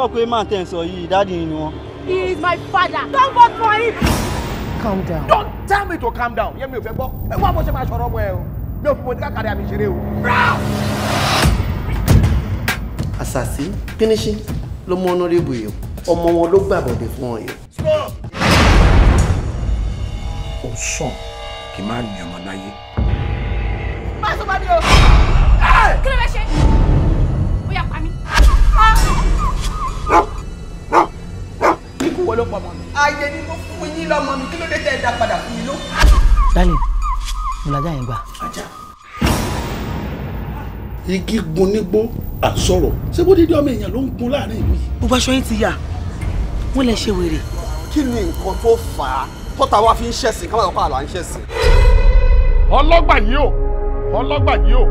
sure pé máa tẹ̀ ń sọ yìí ni wọn. he is my father. don't vote for him. calm down. don't tell me to calm down. yẹ́n mi ò fẹ́ gbọ́ ẹ wá bó ṣe máa ṣọ̀rọ̀ ọmọ ẹ o mi ò fi mo ní káàkiri àmì ìṣeré o. àṣàṣì pínísì ló mú ọ́nà rébù yìí ọmọ wọn ló gbàbọ̀dẹ̀ fún ọ yìí. ó sàn kì í má ní ọmọ láyé. má sọ bá mi o. kí ló fẹ́ ṣe? ó yá pa mí kú wọ ló pọ̀ mọ́ mi. ayé ni mo fún yín lọ́mọ mi kí ló dé tẹ́ ẹ dá padà fún mi ló. dálẹ̀ mo lajà yẹn gbà. ajá. igi gun nígbó àsọ̀rọ̀ ṣé bó dídí ọmọ èèyàn ló ń gun láàrin ìlú yìí. gbogbo aṣọ yín ti yà wọ́n lè ṣe wèrè. kí ni nǹkan tó fà á tọ́ta wa fi ń ṣẹ̀sìn káwọn ọ̀pá àlọ́ à ń ṣẹ̀sìn. ọlọ́gbà yìí o ọlọ́gbà yìí o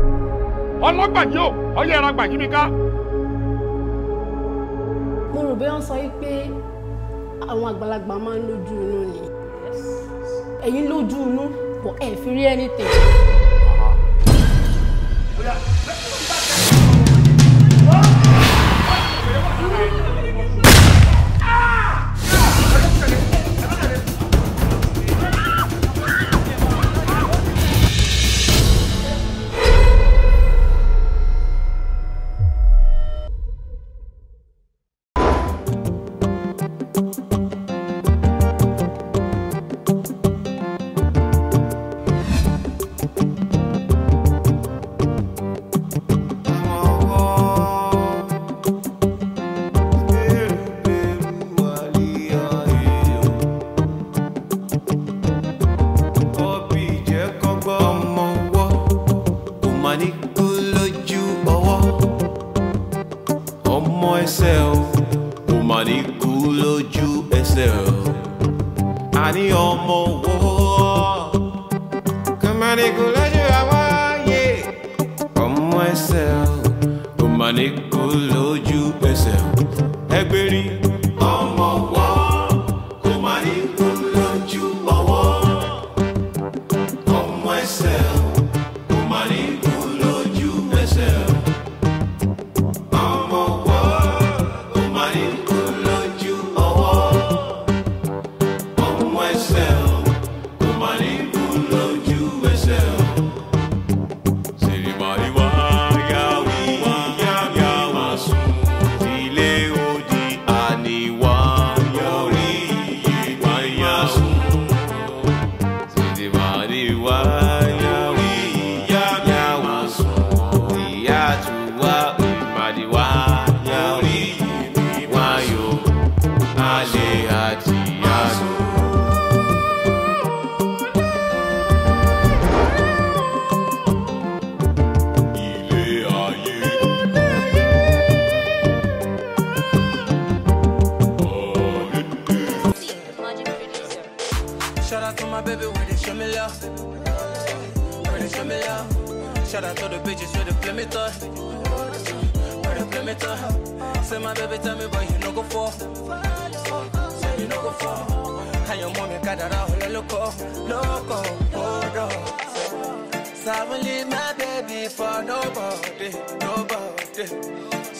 ọlọ́gbà yìí o ọyẹ́ ẹran mi ká. mo rò bẹ́ẹ̀ sọ yí pé àwọn àgbàlagbà máa ń lójú inú ni ẹ̀yin lójú inú but ẹ̀ fi rí anything.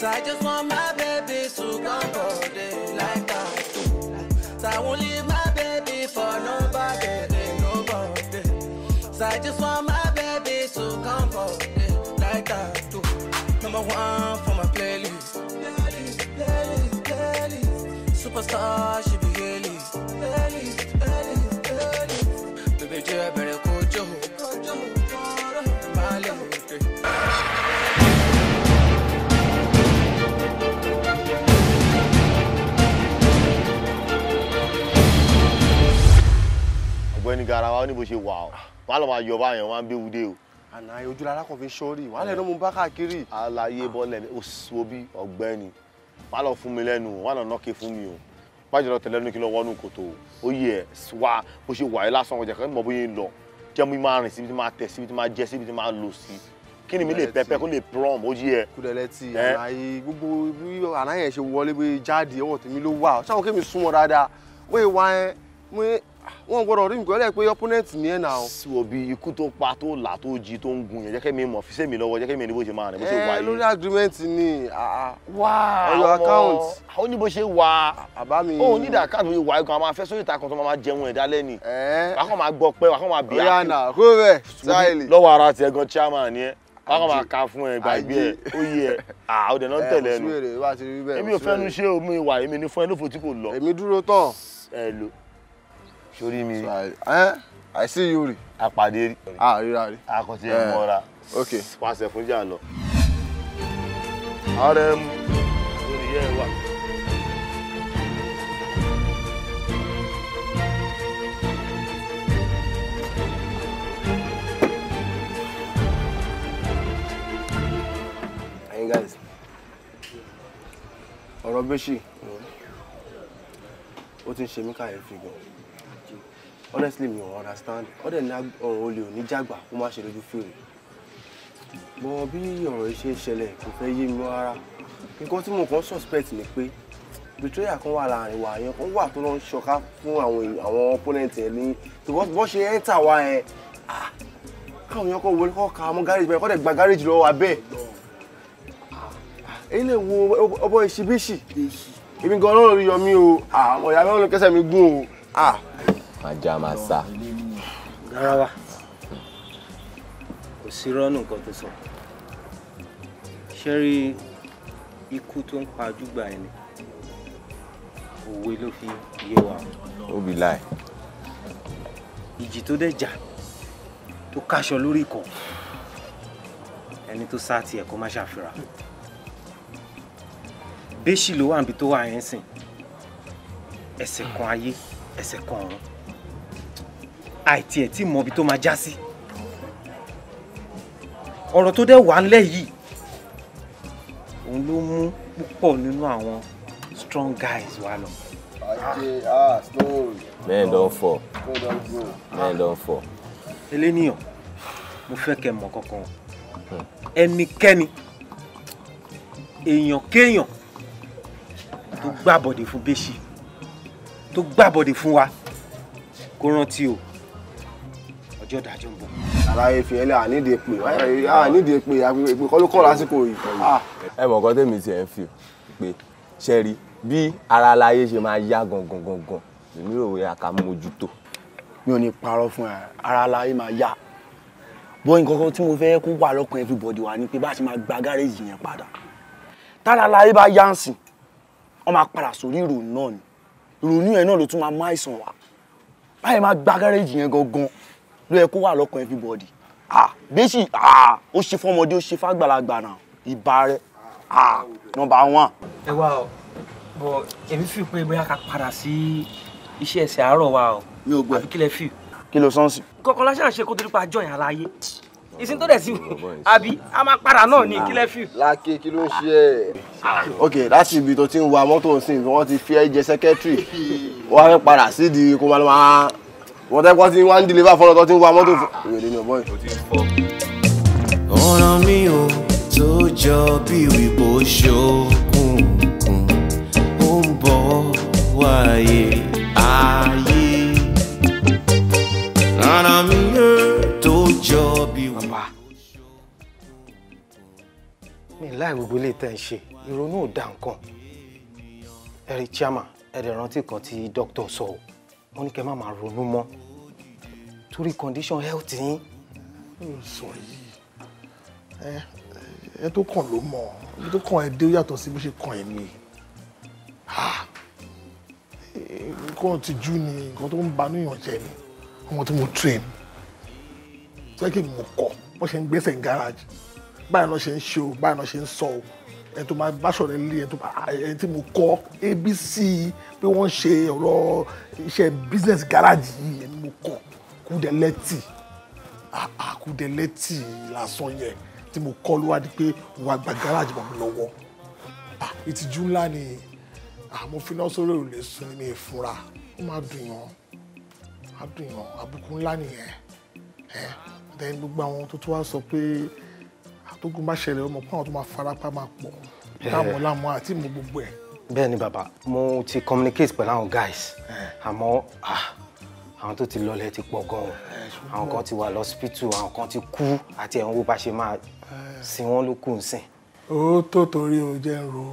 So I just want my baby to come for day like that. So I won't leave my baby for nobody, nobody. So I just want my baby to come for day like that. Too. Number one for my playlist. Playlist, playlist, playlist. Superstar, she be playlist, playlist, playlist. ní garawa ó ní ṣe wà ó wà lọ́ọ́ máa yọ báyọ̀ wá ń bí o. àná ojú rárá kan fi sórí wà á mú bá káàkiri. alaye bọ́lẹ̀ oṣoobi ọ̀gbẹ́ni wà lọ fún mi lẹ́nu wà lọ nọ́ọ̀kì fún mi o bájọ́ lọ tẹ̀lé ní kí lọ wọ́nú kòtò ó yẹ wá bó ṣe wà yìí lásán ọjà kan mọ̀ bóyá ń lọ jẹ́ mi máa rìn síbi tí máa tẹ̀ síbi tí máa jẹ́ síbi tí máa lò sí kí ni mi lè pẹpẹ kó lè prom ó yẹ. kúdẹ̀lẹ̀ ti àlàyé gbogbo bí àná yẹn ṣe wọlé bí jáde ọwọ́ tèmi ló wà ṣáwọn kémi súnmọ́ dáadáa wọ́n wá ẹ wọn gbọ́dọ̀ rí nǹkan ẹlẹ́ẹ̀ pé opponent ni ẹ̀ nà o. sọ bí ikú tó pa tó là tó jí tó ń gun yẹn jẹ́ kí mi mọ̀ fi sẹ́mi lọ́wọ́ jẹ́ kí mi ní bó ṣe máa rìn bó ṣe wà yìí. ẹ lórí agreement ni ah, ah. ọ̀rọ̀ account. àwọn oníbo ṣe wà àbá mi. ó ní ìdá account mi wà ikùn àwọn afẹ́ sórí ìtàkùn tó máa jẹun ẹ̀dá lẹ́ni. wàá kàn máa gbọ́ pé wàá kàn máa bí i. ọ̀yà nà kó bẹ̀ sáìlì. lọ́wọ́ ara tiẹ̀ gan chairman ni ẹ bákan máa ka fún ẹ gbàgbé ẹ ó yẹ à ó dẹ̀ náà tẹ̀lé ẹnu èmi ò fẹ́ nu ṣé omi ìwà èmi ní fún ẹ lófo tí kò lọ. èmi dúró tán. ẹ lo sórí mi. Eh, I see you rí. àpàdé rí. àríra rí. àkànṣe ìmọ̀ra. ok pàṣẹ fún jà lọ. rm lórí yẹ wà. Hey guys ọ̀rọ̀ bẹ́ṣì mm-hmm. ó ti ń ṣe mí káyé fi gan-an honestly mi ò understand ọdẹ ní ọ̀rọ̀ olè ò ní jàgbà kó má ṣe lójú fèrè mọ bí ọ̀rọ̀ yìí ṣe ń ṣẹlẹ̀ kò fẹ́ yé mi rárá nǹkan tí mo kàn suspect ni pé betrayal kan wà láàrin wa yẹn kan wà tó lọ ń ṣọ̀ká fún àwọn àwọn opponent ẹ ní because bó ṣe enter wa yẹn ah, káwọn yẹn kọ wọlé kọ ka mọ garage bẹ́ẹ̀ kọ dẹ gba garage lọ́wọ́ abẹ èyí lè wo ọbọ ìṣibíṣì èmi gan Ọlọ́run yọ mí o àwọn ìyá mi Ọlọ́run kẹsẹ mi gún o. Ah, ajá máa sá. rárá wa kò sí rọ́ọ̀nù nǹkan tó sọ ṣé rí ikú tó ń pa àdúgbà ẹni òwe ló fi yé wa. óbí láì. ìjì tó dẹ̀ jà tó káṣọ lórí ikọ̀ ẹni tó sá tiẹ̀ kó má ṣàfihàn bẹ́ṣì ló wà níbi tó wà yẹn sìn ẹsẹ̀ kan ayé ẹsẹ̀ kan ọ̀run àìtì ẹ̀ tí mọ̀bi tó máa já sí ọ̀rọ̀ tó dẹ̀ wà ńlẹ̀ yìí òun ló mú púpọ̀ nínú àwọn strong guys wa lọ. Ah, men don fall men don fall. eléníyàn mo fẹ́ kẹ́ mọ̀ kankan ẹnikẹ́ni èèyàn kéèyàn tó gbàbọ̀dè fún Bẹ́ṣì tó gbàbọ̀dè fún wa kó rántí o ọjọ́ ìdájọ́ ń bọ̀. àlàyé fiẹ́lẹ́ àníde pé àníde pé àpèpè kọ́ ló kọ́ lásìkò yìí. Ah. ẹ mọ̀ nǹkan tèmi tiẹ̀ ń fi pé ṣẹ́rí bí ara aláyé ṣe máa yá gangan gangan èmi rò wẹ́ àká mójútó. mi ò ní parọ́ fún ẹ ara aláyé máa yá bóyá nǹkan kan tí mo fẹ́ kó wà lọ́kàn everybody wà ni pé bá a ṣe máa gba gáréèjì yẹn padà tára aláyé bá yá ń sìn wọ́n máa padà sórí ìrònú náà ni ìrònú yẹn náà ló tún máa máa ìsàn wá báyìí máa gba gáréèjì yẹn gangan ló yẹ kó wà lọ́kàn everybody ah bẹ́sì ah ó ṣe fọmọdé ó ṣe fàgbàlagbà náà ìbá rẹ ah nọmba one. ẹ wá o bọ èmi fi pé bóyá ká padà sí iṣẹ́ ẹ̀sẹ̀ àárọ̀ wa o mi ò gbọ́ àbí kí lẹ fi. kí ló sọ́ọ̀sì. kọ̀ọ̀kan láṣà ṣe kó torí pa àjọyàn aláyé ìsìn tó dẹ̀ sí àbí a máa padà náà ní kílẹ̀ fíù. láàkè kí ló ń ṣe ẹ. ok láti ibi tó ti ń wa mọ́tò sí ni wọ́n ti fi ẹ jẹ sẹ́kẹ́tìrì wọ́n á fẹ́ padà sídìí kó máa wọ́n tẹ́ pọ́ tí wọ́n ń deliver fọ́nà tó ti ń wa mọ́tò fún ìwé nínú on me, oh, mi ò tó jọ bí ìwìbò ṣokùnkùn ó ń bọ̀ wáyé ayé ọ̀ràn mi ò tó jọ bí ìwìbò ṣokùnkùn. mi láì gbogbo ilé tẹ́ ń ṣe ìrònú ò dá nǹkan ẹ̀rí chiama ẹ̀rẹ̀ kan tí dókítà sọ ọ́ wọ́n ní kẹ́ má máa ronú mọ́ torí condition health yín. sọ yìí ẹ ẹ tó kàn ló mọ ẹ tó kàn ẹ dé ó yàtọ̀ sí bó ṣe kàn ẹ mi nǹkan ti jú ni nǹkan tó ń banú èèyàn jẹ ni ọmọ tí mo train sẹ́kì mo kọ́ bó ṣe ń gbéṣẹ́ ń garage báyìí ló ṣe ń ṣe o báyìí ló ṣe ń sọ o ẹ tó máa bá sọ̀rọ̀ nílé ẹ ẹ tí mo kọ́ abc pé wọ́n ṣe ọ̀rọ̀ iṣẹ́ business garage yìí ẹ ni mo kọ́ kúdẹ̀lẹ́tì àkúdẹ̀lẹ́tì lásán yẹn tí mo kọ́ ló di pé wàá gba garage mọ̀ mi lọ́wọ́ ìtìjú ńlá ni àmọ́ finá sórí òrùlé sùn ní mi ìfura ó máa dùn yàn á dùn yàn àbùkù ńlá nìyẹn ẹ then gbogbo àwọn tó tún wá sọ pé àtógun bá ṣẹlẹ̀ ọmọ pọ́n àwọn tó máa farapa máa pọ̀ eh. láàmú láàmú àti ìmọ̀ gbogbo ẹ̀. bẹ́ẹ̀ ni bàbá mo ti communicate pẹ̀lú àwọn guys eh. àmọ́ ah, àwọn tó ti lọlẹ̀ ti pọ̀ gan-an eh, àwọn kan ti wà lọ́sípítù àwọn kan ti kú àti ẹ̀wọ̀n bó bá ṣe máa sin wọ́n ló kù ń sìn. ó tó torí o jẹ́ ń ro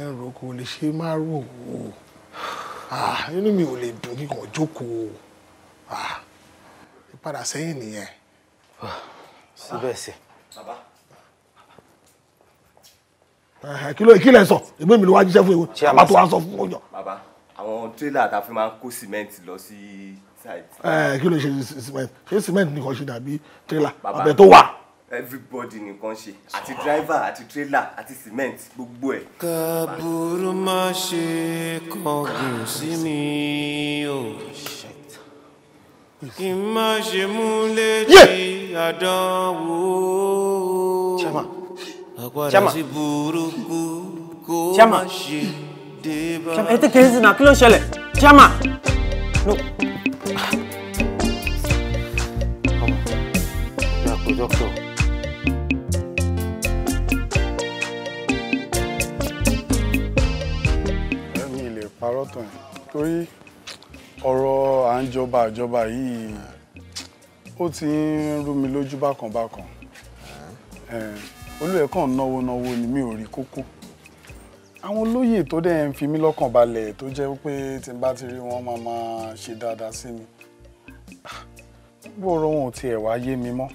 ẹ̀ ń ro kò lè ṣe má rò ó ah, inú mi ò lè dùn kíkan jókòó ah, ìpadà sẹ́yìn nìyẹn. síbẹ̀ sí. bàbá kí ló kí lẹ sọ èmi mi ló wá jíṣẹ́ fún ewu bàbá tó wá sọ fún ọjọ́. bàbá àwọn tírélà tá a fi máa ń kó sìmẹ́ǹtì lọ sí site. kí ló ṣe sìmẹ́ǹtì ṣé sìmẹ́ǹtì nìkan ṣe dàbí tírélà ọbẹ̀ tó wà. everybody nìkan ṣe àti driver àti tírélà àti cement gbogbo ẹ̀. kàbúrú má ṣe kọ̀gùn sí mi o kí n má ṣe múlẹ̀ di àdánwò chairman chairman chairman ètò kìí sinna kí ló ń ṣẹlẹ̀ chairman. No. doctor. ẹ̀mí ilé parọ́ tán torí ọ̀rọ̀ à ń jọba àjọba yìí ó ti ń rú mi lójú bákan bákan olúwẹ̀ kàn náwó náwó ni mi ò rí kókó àwọn olóyè tó dẹ̀ ń fi mí lọ́kàn balẹ̀ tó jẹ́ pé tí n bá ti rí wọn máa máa ṣe dáadáa sí mi gbogbo ọ̀rọ̀ wọn ò tiẹ̀ wá yé mi mọ́.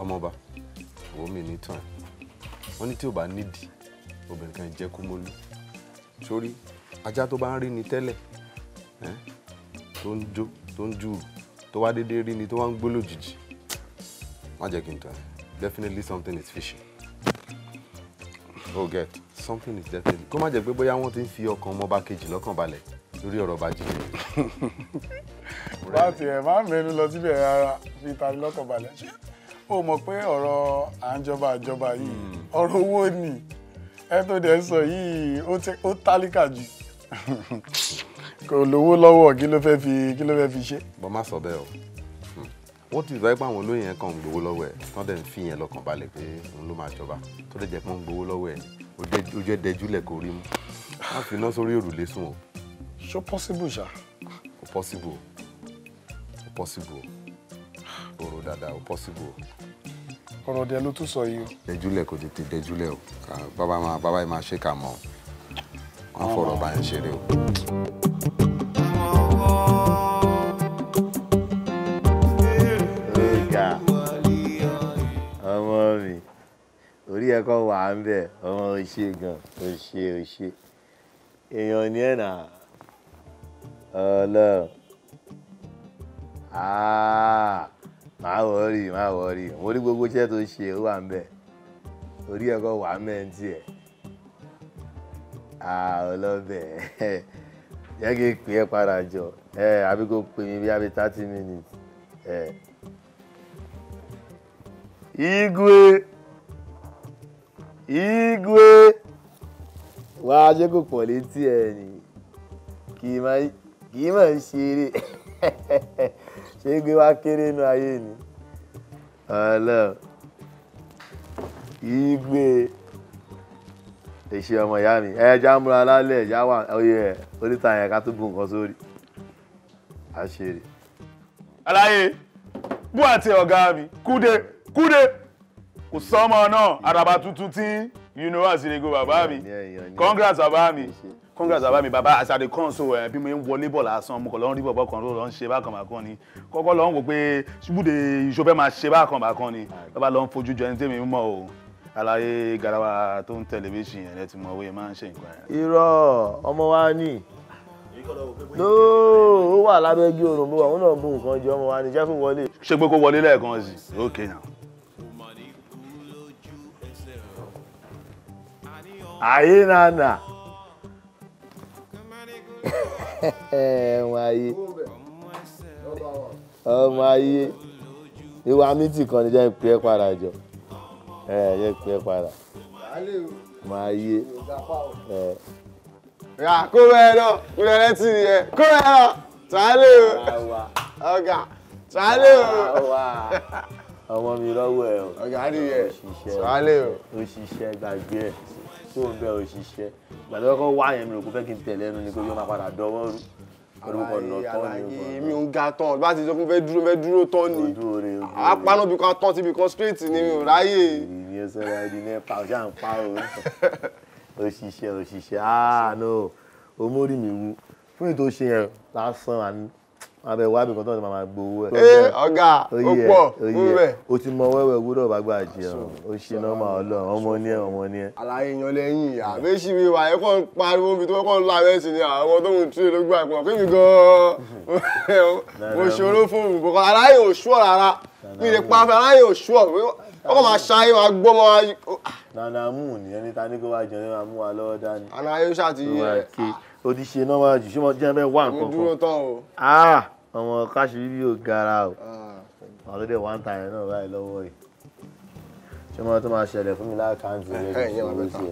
ọmọọba òun mi ní tán wọn ní tí ò bá nídìí obìnrin kan jẹ́ kú mọ́lú sórí ajá tó bá ń rí ni tẹ́lẹ̀ tó ń jó tó ń jùrù tó wá déédéé rí ni tó wá ń gbó lójijì má jẹ́ kí n tán definitely something is fishy. Oh, something is definitely. Come on, jẹ́ pé bóyá wọ́n ti ń your combo package. Look, lọ́kàn balẹ̀ lórí your ọba jíjẹ. bá tiẹ̀ máa ń mẹ́nu lọ síbẹ̀ rárá fi ta ni lọ́kàn balẹ̀ ó mọ̀ pé ọ̀rọ̀ àjọba àjọba yìí hmm. ọ̀rọ̀ owó ni ẹ tó dẹ̀ sọ yìí ó tálíkà jù kò lówó lọ́wọ́ kí ló fi kí ló fẹ́ fi ṣe. bọ́ má sọ bẹ́ẹ̀ o wọ́n ti sọ pé àwọn olóyè yẹn kàn ń gbowó lọ́wọ́ ẹ̀ tán dẹ̀ ń fi yẹn lọ́kàn balẹ̀ pé òun ló máa jọba tó dẹ̀ jẹ́ pé ń gbowó lọ́wọ́ ẹ̀ ó jẹ́ dẹjúlẹ̀ kó rí mú má fi iná sórí òrùlé sùn o. ṣó possible ṣá. o possible o possible o ọ̀rọ̀ dáadáa o possible o. ọ̀rọ̀ dẹ̀ ló tún sọ yìí o. dẹjúlẹ̀ kò tètè dẹjúlẹ̀ o bàbá máa bàbá yìí máa ṣe kà mọ́ wọn fọ̀rọ̀ bá ń ṣeré o. yẹ kó wà ń bẹ̀ ọmọ òṣè gan òṣè òṣè èèyàn ní ẹ̀nà ọlọ́run máa wọ̀ọ́rì máa wọ̀ọ́rì mo rí gbogbo iṣẹ́ tó ṣe ó wà ń bẹ̀ orí ẹ̀kọ́ wà á mẹ́rin tiẹ̀ ọlọ́bẹ̀ jẹ́ kí n pè é padà jọ àbí kò pè mí bí abẹ́ thirty minutes. igwe. igwe wàá ṣe pọ̀ létí ẹ ni kì í ń ṣeré gbé ni ọlọ igwe èṣe ọmọ ìyá mi ẹja ń múra lálẹ́ ẹja wà oyè ẹ yẹn ká tó bu nǹkan sórí aláyé àti ọ̀gá mi kúdé kúdé. kò sọ́mọ náà àràbà tuntun tí you know as ìrègò bàbá mi congrats bàbá mi congrats bàbá mi bàbá as i dey come so eh, bí mo ń wọlé bọ̀ lásán mo kàn lọ́n rí bọ̀bọ̀ kan ló lọ́n ṣe bákan bákan ni kọ́kọ́ lọ́n wò pé ṣubúde iṣó fẹ́ máa ṣe bákan bákan ni bàbá lọ́n fojú jọ ẹni tẹ́mi mọ̀ o àlàyé garawa tó ń tẹlifíṣìn yẹn lẹ́tí mọ̀ wọ́n máa ń ṣe nǹkan irọ́ ọmọ wa ni lóò ó wà lábẹ́jú òrùn mo wà wọn náà bu nǹkan jẹ ọmọ wa ni jẹ́ fún wọlé. ṣé pé kó wọlé lẹ́ẹ̀kan sí i ok now. àyínà nà ọmọ ayé ọmọ ayé ìwà mítì kan ní jẹ́ ń pè é padà jọ ẹ jẹ́ ń pè é padà ọmọ não? ẹ. rà kó bẹ́ẹ̀ náà kúlẹ̀ lẹ́tì yẹ kó bẹ́ẹ̀ náà tàálẹ̀ o ọ̀gá tàálẹ̀ não ọmọ mi lọ́wọ́ ẹ o ọ̀gá nìyẹn tàálẹ̀ o. òṣìṣẹ́ gbàgbé ẹ̀ tí mo bẹ òṣìṣẹ́ gbàdúrà kọ́ wá yẹn mi ò kó fẹ́ kí n tẹ̀lé ẹnu ni pé yóò máa padà dọwọ́ rú orúkọ nà tán ni o. mi ò ga tán bá ti sọ fún fẹ́ dúró fẹ́ dúró tán ni apáná bí kan tán síbi kan straight ni mi ò ráyè. ìyẹn sọ́ra ẹni náà pa ọ̀ṣà ń pa o òṣìṣẹ́ òṣìṣẹ́ àánú ah, o fún ètò yẹn lásán àánú abẹ wá bìkan tó ń máa gbowó eh, ẹ. ee ọ̀gá ó pọ̀ wúwẹ̀. o ti mọ wẹ́wẹ́ gbúdọ̀ bá gbà jẹun o ṣe nọ́mà ọlọ́run ọmọ ní ẹ ọmọ ní ẹ. àlàyé yan lẹ́yìn ìyá méjì mi wà ẹ̀kọ́ ń pariwo ibi tó kọ́ ń la ẹ̀sìn ni àwọn tó ń tú ẹ ló gbà pọ̀ kí mi gan-an mo ṣòro fún mi bọ̀kọ́ aláyè ò ṣúọ̀ rárá mi lè pa aláyè ò ṣúọ̀ ọkọ̀ máa ṣáyé máa gbọ́ mọ́ wájú. nana mú ni ẹni ta ní kó wá jẹun máa mú wa lọ́wọ́ dání. aláyé ó ṣàtìyẹ. o ti ṣe nọ́mà jù ṣé mo jẹ́ bẹ́ẹ̀ wá nǹkan kan. mo dúró tán o. Ah! ọmọ káṣírírí ò gara o ah, àwọn tó dẹ̀ wá ń ta yẹn náà báyìí lọ́wọ́ yìí ṣé mo tó máa ṣẹlẹ̀ fún mi láàkáǹtì rẹ̀ kí ṣe wọ́n ṣe.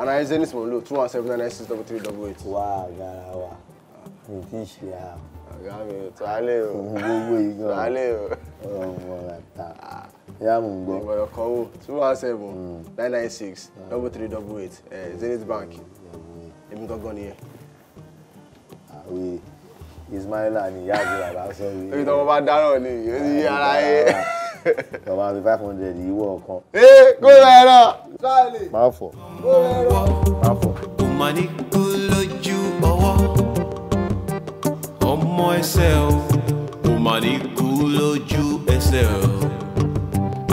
ara ẹ zenith mo ń lò two one seven nine six double three double eight. wá gara wa mi ti ṣe a. ọ̀gá mi ò tó alẹ́ o. gbogbo ìgbà alẹ́ o. ọmọ rà ta ya mo ń gbọ́. ìgbọ̀dọ̀ kan wò two one seven hmm. nine nine six double three double eight eh, zenith bank hmm. èmi gangan nìyẹn. àwọn èèyàn. Ismaila ni ìyá àti bàbá sọ yìí. èyí tó bá dáràn ni yóò ti yí ara yé. tọ́ba fi five hundred yìí wọ̀ ọ̀kan. ee kó lè rà. má fọ̀ má fọ̀. ọmọ ní kú lójú ọwọ́ ọmọ ẹsẹ̀ o ọmọ ní kú lójú ẹsẹ̀ o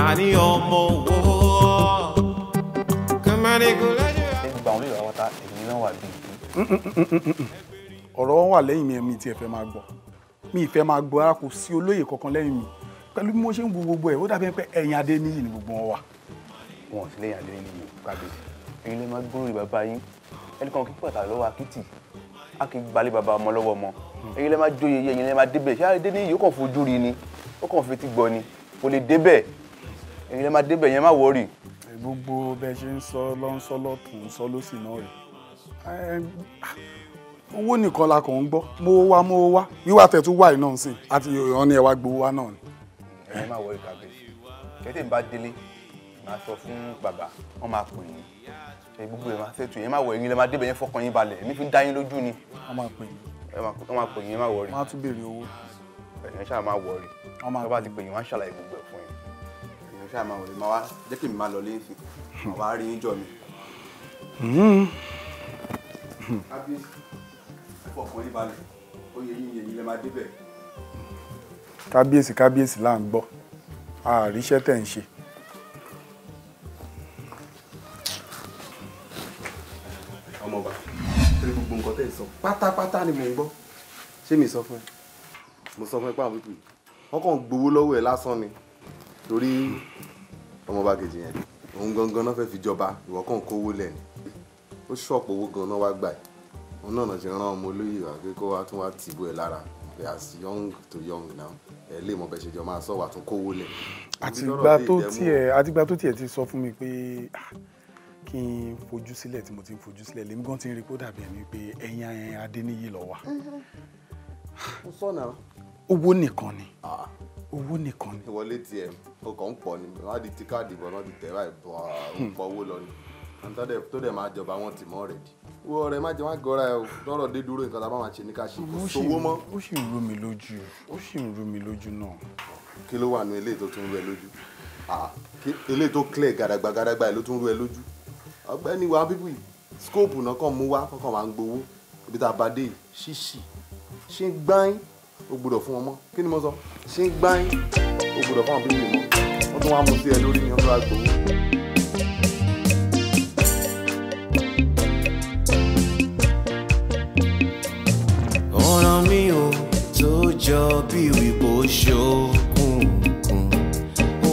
àní ọmọ owó kọ́mọ lójú ọwọ́. ẹ gbà wọn lè rà èmi náà wà bíi ọ̀rọ̀ wọn wà lẹ́yìn mi ẹ̀mí tí ẹ fẹ́ máa gbọ́ mi ìfẹ́ máa gbọ́ ara kò sí olóyè kankan lẹ́yìn mi pẹ̀lú bí mo ṣe ń wo gbogbo ẹ̀ ó dàbí pé ẹ̀yìn adé níyì ni gbogbo wọn wà. wọn ò sí lẹ́yìn adé níyì kábíyèsí èyí lè máa gbórí bàbá yín ẹnì kan kí pàtàkì lọ́wọ́ akitì a kì í gbalẹ̀ bàbá ọmọ lọ́wọ́ ọmọ èyí lè máa jóye ẹ̀yìn lè máa débẹ̀ gbogbo bẹ́ẹ̀ ṣe ń sọ lọ́ ń sọ lọ́tún ń sọ lọ́sìn náà rẹ̀ owó nìkan la kàn ń gbọ́ mo wá mo wá wíwá tẹ̀tú wà iná sí àti ìrọ̀ ni ẹ wá gbowó wá náà ni. ẹ má wọ ìkàgbé kẹ́tẹ́ ń bá délé máa sọ fún bàbá wọn máa pè yín ẹ gbogbo ẹ máa ṣètò yẹn má wọ ẹ̀yin lẹ máa débẹ̀ yẹn fọkàn yín balẹ̀ èmi fi dá yín lójú ni. wọn máa pè yín. wọn máa pè yín má wọrí. wọn á tún béèrè owó. ẹ̀yin ṣáà máa pè yín. tó ti pè yín wọn á ṣàlàyé gbogbo ẹ̀ fún yín. ẹ̀yin ṣáà máa wá fọkàn yín balẹ̀ oyè yín yẹ̀yìn lè máa débẹ̀. kábíyèsí kábíyèsí là ń gbọ́ àríṣẹ́ tẹ̀ ń ṣe. ọmọọba torí gbogbo nǹkan tẹ̀ sọ pátápátá ni mò ń gbọ́ ṣé mi sọ fún ẹ mo sọ fún ẹ pé àwọn pípì wọn kàn gbowó lọ́wọ́ ẹ lásán ni torí ọmọọba kejì yẹn òun gangan náà fẹ́ fi jọba ìwọ kàn kówó lẹ̀ ó ṣọ̀pọ̀ owó gan náà wá gbà yìí òun náà ṣe rán ọmọ olóyè wá pé kó wá tún wá tìbú ẹ lára as young to young now ẹ lè mọ bẹ́ẹ̀ ṣe jọ máa sọ wà tún kówó lẹ̀. àtìgbà tó tiẹ̀ àtìgbà tó tiẹ̀ ti sọ fún mi pé ah, kí n fojú sílẹ̀ tí mo ti ń fojú sílẹ̀ lèmi gan ti ń rí kó dàbí ẹni pé ẹ̀yìn ayẹyẹ adéníyì lọ wà. mo sọ náà. owó nìkan ni owó nìkan ni. ìwọlé tiẹ̀ ọkọ̀ ń pọ̀ ni wọ́n á di ti káàdì ìbọn náà ti tẹ̀ báyìí bọ̀ ọ́ àtàdé tó dẹ̀ máa jọba wọn tì mọ́ rẹ̀ di wo ọ̀rẹ́ má jẹ́ wá gọ́ra ẹ o lọ́rọ̀ dé dúró nǹkan tá a bá máa ṣe ní ká ṣe kò sówó mọ́. ó sì ń rú mi lójú ó sì ń rú mi lójú náà. kí ló wà ní eléyìí tó tún rú ẹ lójú eléyìí tó clear gàdàgbà gàdàgbà ló tún rú ẹ lójú ọ̀gbẹ́ni wa bíbí scope náà kàn mú wá kọkàn máa ń gbowó ibi tá a bá dé ṣíṣì ṣe ń gbáyín ó gbọ́dọ̀ fún wọn mọ́ kí ni mo sọ ṣe ń gbáyín ó gbọ́dọ̀ fún àwọn bíbí mọ́ wọ́n tún wá mú sí ẹ lórí ni wọ́n tún wá gbowó. jọ bí wípé ṣókùnkùn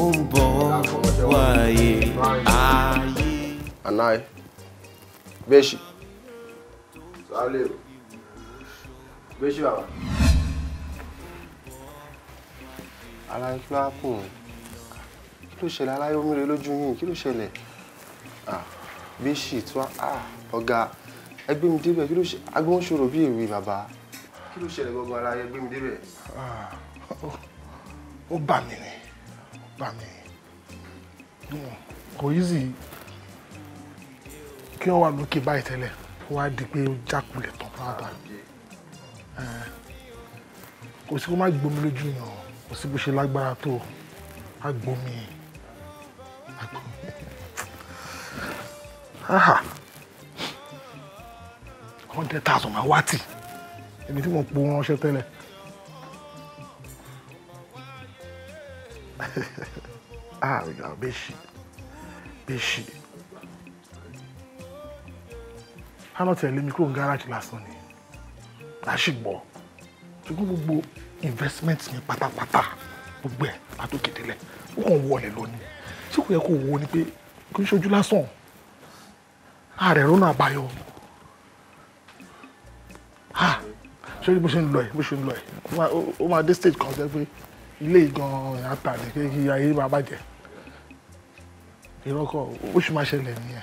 ó ń bọ̀ wáyé ayé. Anai, Beshi, Saliu, Beshi wa. Ara ń pé ápù kí ló ṣẹlẹ̀ aláyọ̀ omi rẹ̀ lójú yín kí ló ṣẹlẹ̀? Beshi tí wọ́n ọ̀gá ẹgbẹ́ mi débẹ̀ kí ló ṣe agbóhùn ṣòro èwe bàbá kí ló ṣẹlẹ̀ gbogbo ara yẹn gbé mi débẹ̀. Ah, ó bà mí ni ó bà mí ni hmm, kò yí sí kí wọ́n wà lókè báyìí tẹ́lẹ̀ kó wá di pé ó jákulẹ̀ tán pátá ah, eh, kò sí kó má gbomi lójú yàn kò sí bó ṣe lágbára tó á gbomi hundred thousand máa wá èmi tí mo po ránṣẹ́ tẹ́lẹ̀. ah ọ̀gá bẹ́ẹ̀ṣì bẹ́ẹ̀ṣì hánà tẹ̀lé mi kúrò ní gáràjì lásán ni láṣìgbọ́ ṣùgbọ́n gbogbo investment mi pátápátá gbogbo ẹ̀ àtòkèdélẹ̀ ó kàn wọlé lónìí tí kò yẹ kó wo ni pé kò ń ṣojú lásán ààrẹ rònà àbáyọ. Ah sórí bó ṣe ń lọ ẹ bó ṣe ń lọ ẹ ó máa dé stage kan jẹ́ pé ilé ìgan ata ni pé kí ayé máa bàjẹ́ ìrọ́kọ̀ ó sì máa ṣẹlẹ̀ nìyẹn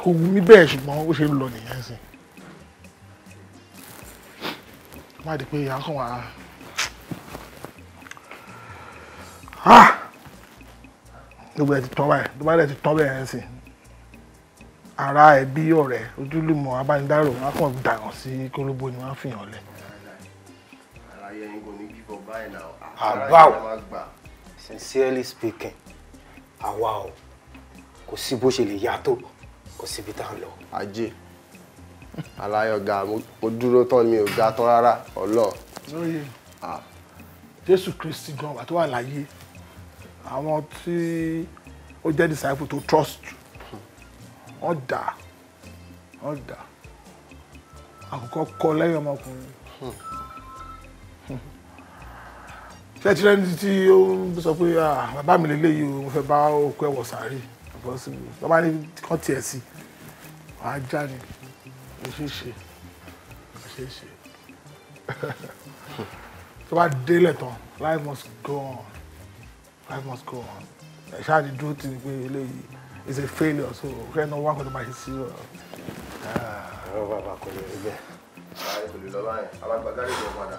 kò wù mí bẹ́ẹ̀ ṣùgbọ́n ó ṣe ń lọ nìyẹn sí i má di pé ìyá kan wà á ah! gbogbo ẹ̀ ti tán báyìí gbogbo ẹ̀ ti tán bẹ́ẹ̀ yẹn sí i ara ẹbí ọ̀rẹ́ ojúlùmọ̀ abánidárò wọn á kàn dàgbọ̀n sí kólóbó ni wọ́n á fìyàn lẹ̀. Ah, àbá o sincerely speaking àwa o kò sí bó ṣe lè yàtọ̀ kò síbi tá à ń lọ. ajé aláyọ̀gá mo dúró tán mi ò ga tán rárá ọlọ. lóye jésù kristi gan wà tó wà láyé àwọn tí ó jẹ́ disciple tó trust wọ́n dà wọ́n dà àkọ́kọ́ kọ lẹ́yìn ọmọkùnrin. Hmm tẹ́tírẹ́ ní tí ó ń sọ pé ah, bàbá mi lélẹ́yìí o mo fẹ́ bá òkú ẹ̀wọ̀ sàárì bàbá ní kàn tiẹ̀ sí wàá já ni kò ṣeé ṣe kò ṣeé ṣe tó bá délẹ̀ tán life must go on life must go on ẹ̀ ṣáà ní dúró tì ní pé eléyìí is a failure so kẹ́ ẹ̀ náà ah, wá kọ́tọ́ máa ṣe sí ọ. ọ̀rọ̀ bàbá kò lè rí bẹ́ẹ̀. alágbàdá lè lọ padà.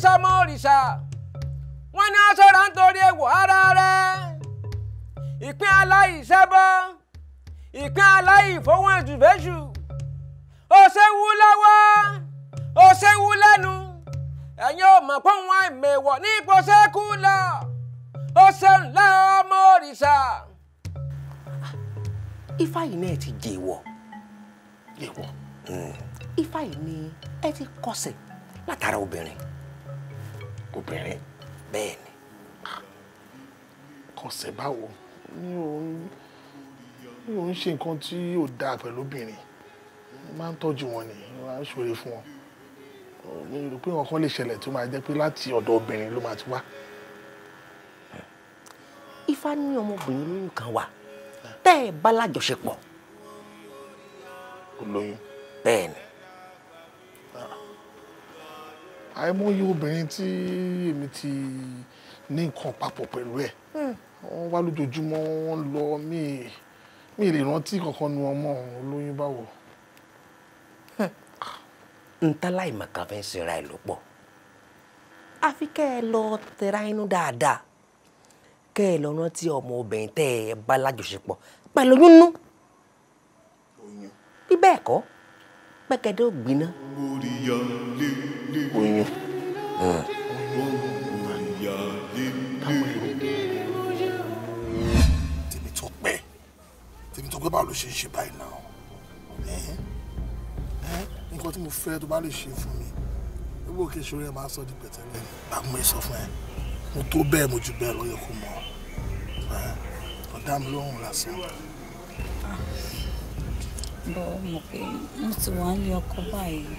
sọmọ òrìṣà wọ́n ní aṣọra nítorí èèwọ̀ ara rẹ̀ ìpín aláìṣẹbọ ìpín aláìfowóhùn ìdùbẹ́sù ó ṣéwu lọ́wọ́ ó ṣéwu lẹ́nu ẹ̀yin ò mọ̀ pé wọ́n àìmẹ̀wọ̀ ní ipò ṣẹ́kù lọ ó ṣeun lẹ́ òrìṣà. ifáyìí náà ti jẹ́wọ́ jẹ́wọ́ ni ẹ ti kọsẹ̀ látara obìnrin obìnrin. bẹ́ẹ̀ni. kọsẹ̀ báwo mi ò mi ò ń ṣe nǹkan tí ò dáa pẹ̀lú obìnrin máa ń tọ́jú wọn ni máa ń ṣòro fún wọn mi rò pé nǹkan kan lè ṣẹlẹ̀ tó máa jẹ́ pé láti ọ̀dọ̀ obìnrin ló máa ti wá. ifá ní ọmọbìnrin lóyún kan wà tẹ́ ẹ bá lájọṣepọ̀. olóyún. bẹ́ẹ̀ni àìmọye obìnrin tí èmi ti ní nǹkan papọ̀ pẹ̀lú ẹ̀ hmm. wọ́n wá lójoojúmọ́ wọ́n lọ mí mi lè rántí kankan nu ọmọ olóyún báwo. Hmm. ntàláì màkà fẹ́ ṣera ẹ̀ ló pọ̀ àfi kẹ́ ẹ lọ tẹra inú dáadáa kẹ́ ẹ lọ rántí ọmọ obìnrin tẹ́ ẹ bá lájọṣepọ̀ pẹ̀lú oyún nú bí pẹ́kẹ́dẹ́ ògbìnà. oyin tèmi tó pẹ́ tèmi tó pẹ́ báwo ló ṣe ń ṣe báyìí náà nǹkan tí mo fẹ́ tó bá lè ṣe fún mi gbogbo òkè ìṣòro ẹ̀ máa sọ di pẹ̀tẹ́lẹ̀ àmọ́ ẹ sọ fún ẹ mo tó bẹ́ẹ̀ mo jù bẹ́ẹ̀ lọ́yọ̀ kó mọ̀ ọ̀dà mi lóhùn lásán bọ́ mo pé mo ti wà ní ọkọ báyìí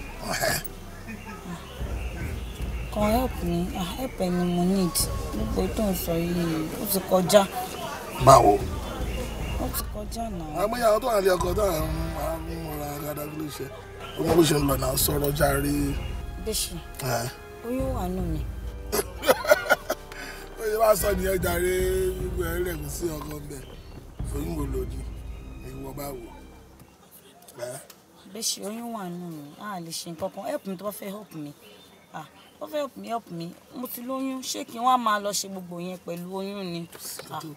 kan help ni ah, help ẹ ni mo need gbogbo tó ń sọ yìí ó ti kọjá. báwo. ó ti kọjá náà. Ah, àgbẹ̀yà tó wà ní ọkọ tó à ń múra gàdágbé ló ṣe ó mọ bó ṣe ń lọ náà sọ̀rọ̀ járe. bẹ́sẹ̀ eh. oyún wà nù mí. ó yẹ wá sọ nìyẹn jàre gbogbo ẹ̀ rẹ̀ kò sí ọkọ ń bẹ̀ fòyìnbó lòdì ìwọ báwo bẹ́ẹ̀ ṣe oyún wà nù mí a lè ṣe nǹkan kan help me. tó bá fẹ́ help mi ó fẹ́ help me help me mo ti lóyún ṣé kí wọ́n á máa lọ ṣe gbogbo yẹn pẹ̀lú oyún ni. kò sí nǹkan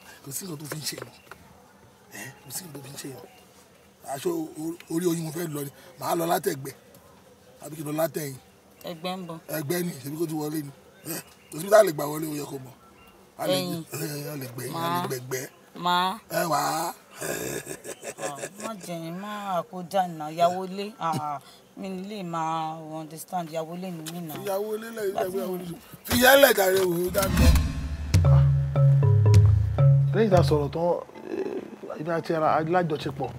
tó fi ń ṣe yàn kò sí nǹkan tó fi ń ṣe yàn aṣọ orí oyún mo fẹ́ lọ ni màá lọ látẹ̀gbẹ́ àbí kí n lọ látẹ̀yìn. ẹgbẹ́ ń bọ̀. ẹgbẹ́ ni ṣèbí kó ti wọlé ni kò síbi tá a lè gbà wọlé ó yẹ kó a lè gbẹ̀gbẹ́. ẹ wàá. Ah, má jẹ̀yìn má àkójá nà yàwó lé ah, ah, mi lè máa understand yàwó lé mi nínà. ìyàwó lé lẹ́yìn ìgbàgbé àwọn oníṣòwò fi yálẹ̀ jàre wò ó dáná. lẹ́yìn tá a sọ̀rọ̀ tán eh, ibi àti ara alájọṣepọ̀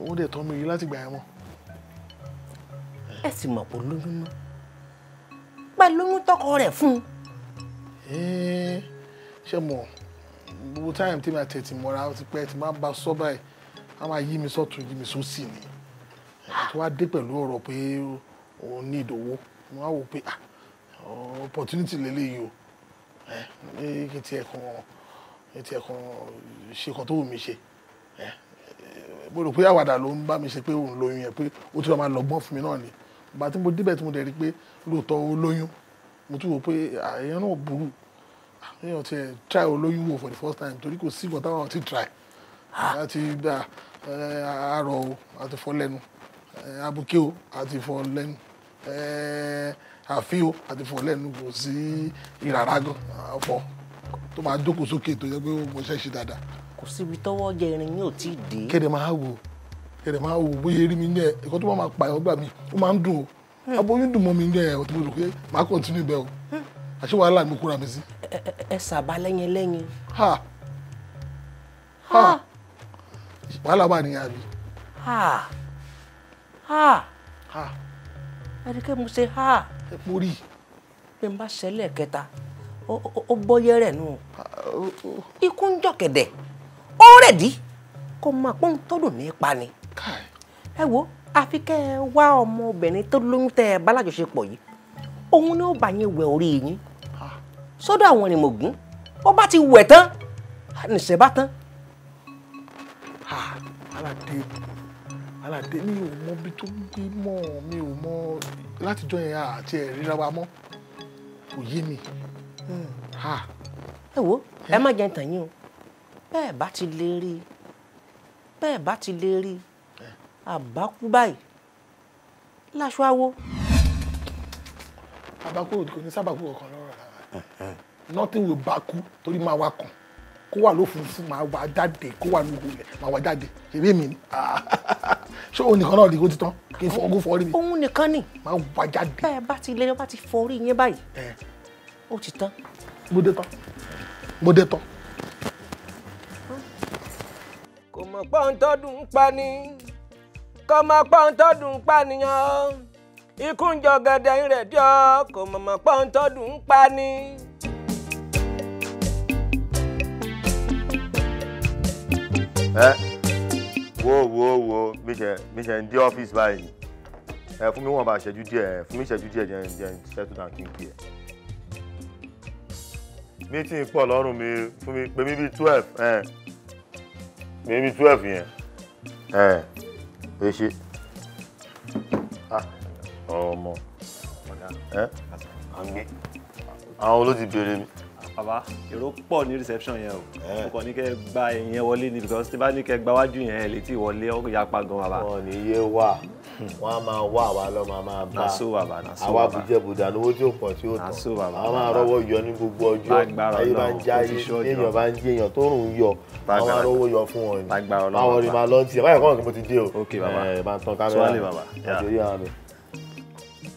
òun dẹ̀ tán mi yìí láti gbà ẹ̀ mọ́. ẹ sì mọ̀ pé lóyún mọ́ pẹ̀lú lóyún tọkọ rẹ̀ fún un. Eh, ṣé mo gbogbo táyà tèmi àtẹ̀tì mọ́ra ó ti pẹ́ ti máa ń ba sọ́ báyìí á máa yí mi sọ́tún yí mi sósì ni tó wá dé pẹ̀lú ọ̀rọ̀ pé òun ní ìdòwò mo wá wò pé ah, opportunity lélẹ́yìí o ní kí tiẹ̀ kan tiẹ̀ kan ṣe kan tó wù mí ṣe mo rò pé àwàdà ló ń bá mi ṣe pé òun lóyún yẹn pé ó tún máa lọ́gbọ́n fún mi náà ni bàtí mo débẹ̀ tí mo dẹ̀ rí pé lóòótọ́ ó lóyún mo tún wò pé àyẹ̀wò ah, burú èèyàn ti try olóyún wò for the first time torí kò sí ìgbọ̀n táwọn ti try ah. a ti gba arọ o a ti fọ lẹ́nu abuké o a ti fọ lẹ́nu àfi o a ti fọ lẹ́nu kò sí ìrara gan fọ tó máa jókòó sókè tó yẹ pé mo ṣe ṣe dáadáa. kò síbi tọ́wọ́ jẹ irin yóò tí ì dé. kéde máa wò kéde máa wò bóyá eré mi ní ẹ ẹ̀kọ́ tó bá máa pààyàn gbà mí ó máa ń dùn o hmm. aboyún dùn mọ́ mi ní ẹ ọ̀tún mo rò pé màá kọ́ntínú ibẹ̀ o hmm. àṣé wàhálà mi kúra mi sí ẹ sàbá lẹ́yìn lẹ́yìn. ha ha wàhálà wà nìyà mi. ha ha ha ẹnikẹ́ni mo ṣe ha. ẹ pórí. bí n bá ṣẹlẹ̀ kẹta ó bọ́yẹ́ rẹ̀ nù. ikú ń jọ̀kẹ̀dẹ̀ ó rẹ̀ dí kó máa pọ́n tọ́dún ní ipa ni. ẹ wo àfi kẹ́ ẹ wá ọmọbìnrin tó lóyún tẹ́ ẹ bá lájọṣepọ̀ yìí òun ni ó bá yín wẹ̀ orí yín sọ́dọ̀ àwọn ìrìnmọ̀gún ó bá ti wẹ̀ tán àníṣe bá tán. aládé aládé mi ò mọ bí tó gbé mọ́ mi ò mọ látijọ́ yẹn àti ẹ̀ríra wa mọ́ kò yé mi. Hmm. ẹ wo ẹ má jẹ́ tàn yín o bẹ́ẹ̀ bá ti lè rí bẹ́ẹ̀ bá ti lè rí àbákú báyìí láṣọ àwo. àbákú kò ní sábà kú lọ nothing will bákú torí máa wá kàn kó wà lófurufú máa wá jáde kó wà lóko rẹ̀ máa wá jáde ṣèbí mi ni ṣé òun nìkan náà lèkó ti tán kí n fọ ogún fọrí mi. òun nìkan ni máa wá jáde. bẹ́ẹ̀ bá ti lé bá ti fọrí yín báyìí ó ti tán. mo dé tán mo dé tán. kò mọ̀ pọ́ńtọ́dún pa ni kò mọ̀ pọ́ńtọ́dún pa nìyàn ikú ń jọ gẹdẹ ń rẹ̀ díọ̀ kò mọ̀mọ́ pọ́ńtọ́dún ń pa ni. ẹ wo wo wo mi ṣe mi ṣe ń dé ọ́fíìsì báyìí ẹ fún mi wọn bá ṣẹ́jú díẹ̀ fún mi ṣẹ́jú díẹ̀ jẹ́ jẹ́ ṣẹ́tù náà kí n pè é. mítìn pọ̀ lọ́rùn mi fún mi pé mi bíi twelve ẹ̀ mi bíi twelve yẹn ẹ̀ ẹ ṣe ọmọ àwọn olóòtú béèrè mi. bàbá èrò pọ̀ ní reception yẹn o mo kàn ní kẹ́ gba ẹ̀yìn yẹn wọlé ni because tí bá ní kẹ́ gba wájú yẹn ẹ̀ létí ìwọlé ó yà pa gan bàbá. wọn ní iye wà wọn a máa wá àwa lọ máa máa bá àwa bùjẹbùdà lówó tí ó pọ̀ tí ó tán àwa máa rọ́wọ́ yọ ní gbogbo ọjọ́ ayé máa ń já èèyàn bá ń jẹ èèyàn tó rùn yọ àwọn máa rọ́wọ́ yọ fún wọn ni àwọn ni máa lọ́ọ́ tiẹ̀ báyìí kọ́ ọ̀nà kí mo ti dé o ẹ̀ máa tán kámẹ́rà àti orí àwọn mi.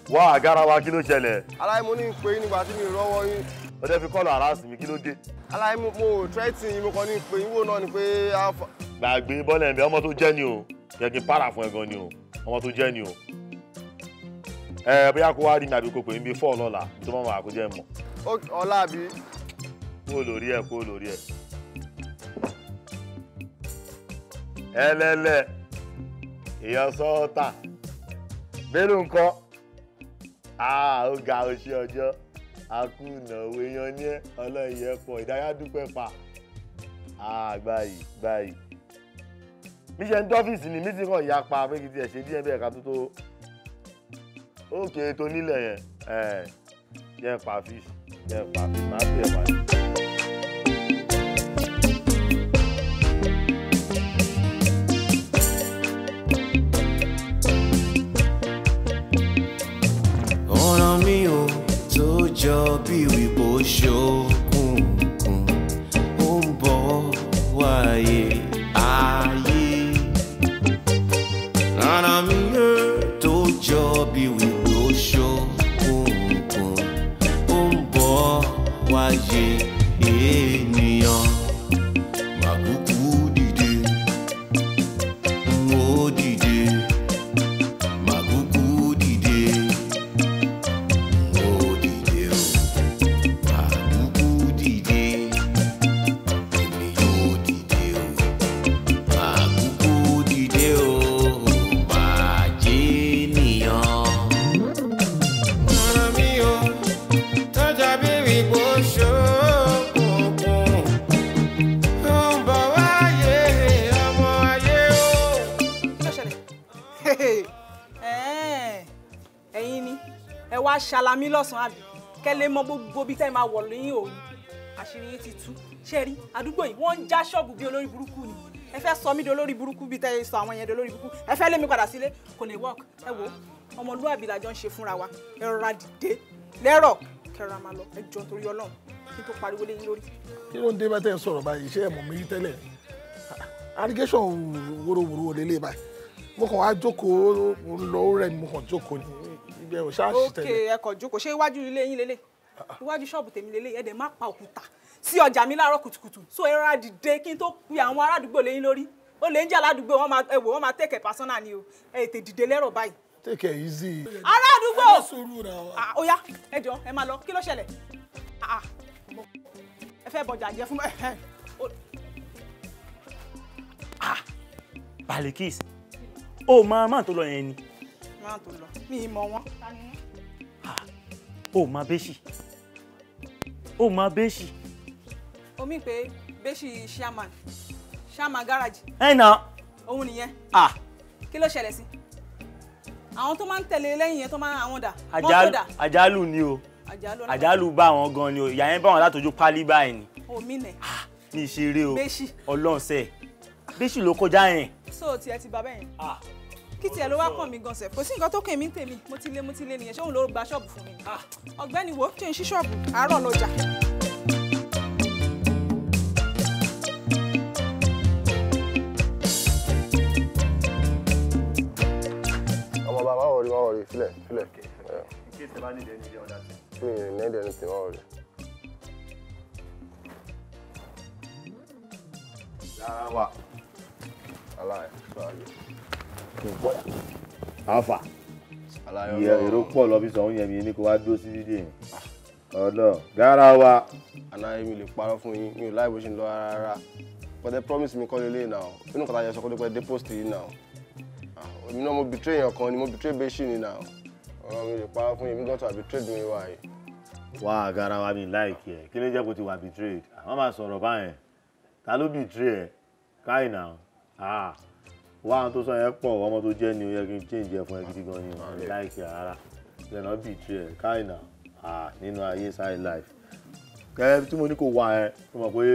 wá agara wa kí ló ṣẹlẹ̀. aláì mo ní pé nígbà tí mi rọ́wọ́ yín. ó dẹ́ fi ara mi kí ló dé. aláì mo ò tírẹ́tì yín mo kàn ní pé ìwò náà ni pé. gbàgbé bọ́lẹ̀ ẹ̀mí ọmọ tó jẹ́ ni o yẹ para fún ẹ gan ni o ọmọ tó jẹ́ ni o. ẹ bóyá kó wá rí mi àbí kò pè mí bí fọ́ọ̀ tó kó jẹ́ ó ga oṣù ọjọ́ akúnà òwe yan ní ẹ ọlọ́yẹ pọ̀ ìdáyà dúpẹ́ pa báyìí báyìí bí ṣe ń dọ́fíìsì ni mítí kan ìyá pa pé kí tiẹ̀ ṣe díẹ̀ bẹ́ẹ̀ ká tó tó òkè tó nílẹ̀ yẹn jẹ́ pa fíìsì jẹ́ pa fíìsì má bẹ̀rẹ̀ wáyé. jọ bí wípé ó ṣokùnkùn ó ń bọ̀ wáyé ayé rárá mi yẹ tó jọ bí wípé ó ṣokùnkùn ó ń bọ̀ wáyé ayé. ok eh. ẹ̀yin ni ẹ wá ṣàlàmì lọ́sàn-án àbí kẹ́ lè mọ gbogbo bí tẹ́ ẹ máa wọ̀ lẹ́yìn òru àṣírí yín ti tú ṣe rí àdúgbò yìí wọ́n ń já ṣọ́ọ̀bù bí olórí burúkú ni ẹ fẹ́ sọ mí di olórí burúkú bí tẹ́ ẹ sọ àwọn yẹn di olórí burúkú ẹ fẹ́ lé mi padà sílé kò lè work ẹ wò ọmọlúwàbí làjọ ń ṣe fúnra wa ẹ rọra dìde lẹ́rọ̀ kẹra máa lọ ẹ jọ torí Ọlọ́run kí n tó pariwo lé yín lórí. kí mo kàn wá jókòó mo ń lọ ó rẹ̀ ni mo kàn jókòó ni ibẹ̀ ò ṣáà ṣì tẹ̀lé. ok ẹ kàn jókòó ṣé iwájú ilé yín lélẹ̀ ah, ah. iwájú ṣọ́ọ̀bù tèmi lélẹ̀ ẹ̀ dẹ̀ má pa òkúta sí ọjà mi láàárọ̀ kùtùkùtù so ẹ rà dìde kí n tó pe àwọn aládùúgbò lẹ́yìn lórí ó lè ń jà aládùúgbò wọn máa ẹwò wọn máa tẹ̀kẹ̀ pásánà ni o ẹ ètè dìde lẹ́rọ̀ báyìí. tẹ̀kẹ̀ yìí sí. aládùúgbò ó yá ẹ ah, jọ ẹ máa lọ kí ló ṣẹlẹ̀ ẹ fẹ́ bọjà jẹ fún mi. Balikis o mọ máa tó lọ yẹn ni. máa tó lọ mi ì mọ wọn. o mọ bẹ́sì o mọ bẹ́sì. omi pé bẹ́sì shaman shaman garage. ẹ nà. òun nìyẹn. kí ló ṣẹlẹ̀ sí àwọn tó máa ń tẹ̀lé lẹ́yìn yẹn tó máa ń àwọn dà mọ́tò dà. àjálù ni o àjálù bá àwọn gan ni o ìyá yẹn bá wọn látọjú pálí báyìí ni. omi nẹ. ní ìṣeré o ọlọ́ọ̀sẹ̀ bẹ́sì ló kọjá yẹn so tiẹ̀ ti bàbá yẹn ah. kí tiẹ̀ ló wá kàn mí gan sẹ̀ kò sí nǹkan tó kàn mí tèmi mo ti lé mo ti lé nìyẹn ṣóun ló gba ṣọ́ọ̀bù fún mi ah. ọ̀gbẹ́ni wo tí n ṣí ṣọ́ọ̀bù àárọ̀ lọ́jà. ọmọ bàbá wọ̀ rí wọ́n wọ̀ rí filẹ̀ filẹ̀. kí ẹ bá nídìí ẹni jẹ́ ọ̀dà tí. mi ò ní ẹ̀dẹ̀ ní wa alfa iye èrò pọ̀ lọ bí sọ̀hún yẹn mi ní kó wá dúró sí dídì yẹn ọ̀dọ̀ gara wa. aláyé mi lè parọ́ fún yín mi ò láì bó ṣe ń lọ rárá but they promise mi kọ́ lélẹ̀ náà inú kọ́tà yẹn sọ pé pé deposit yìí náà ah, èmi náà mo betray èèyàn kan ni mo betray bẹ́ẹ̀ ṣì ni náà ọ̀rọ̀ mi lè parọ́ fún yín mi gan tó àbítray mi wá yìí. wá gara wa mi láìkí ẹ kí ló jẹ́ kó ti wà betrayed àwọn ah, máa sọ̀rọ̀ báyẹn ta ló betray ẹ káyìn náà Ah, wá àwọn tó sọ yẹn pọ̀ to tó ni ó yẹ kí change ẹ fún ẹ gidi gan ni ò ní láìkí rárá lẹ́nà bí ìtúrẹ̀ káìnà nínú ayé side life gẹ́gẹ́ tí mo ní kò wá ẹ tó mọ̀ pé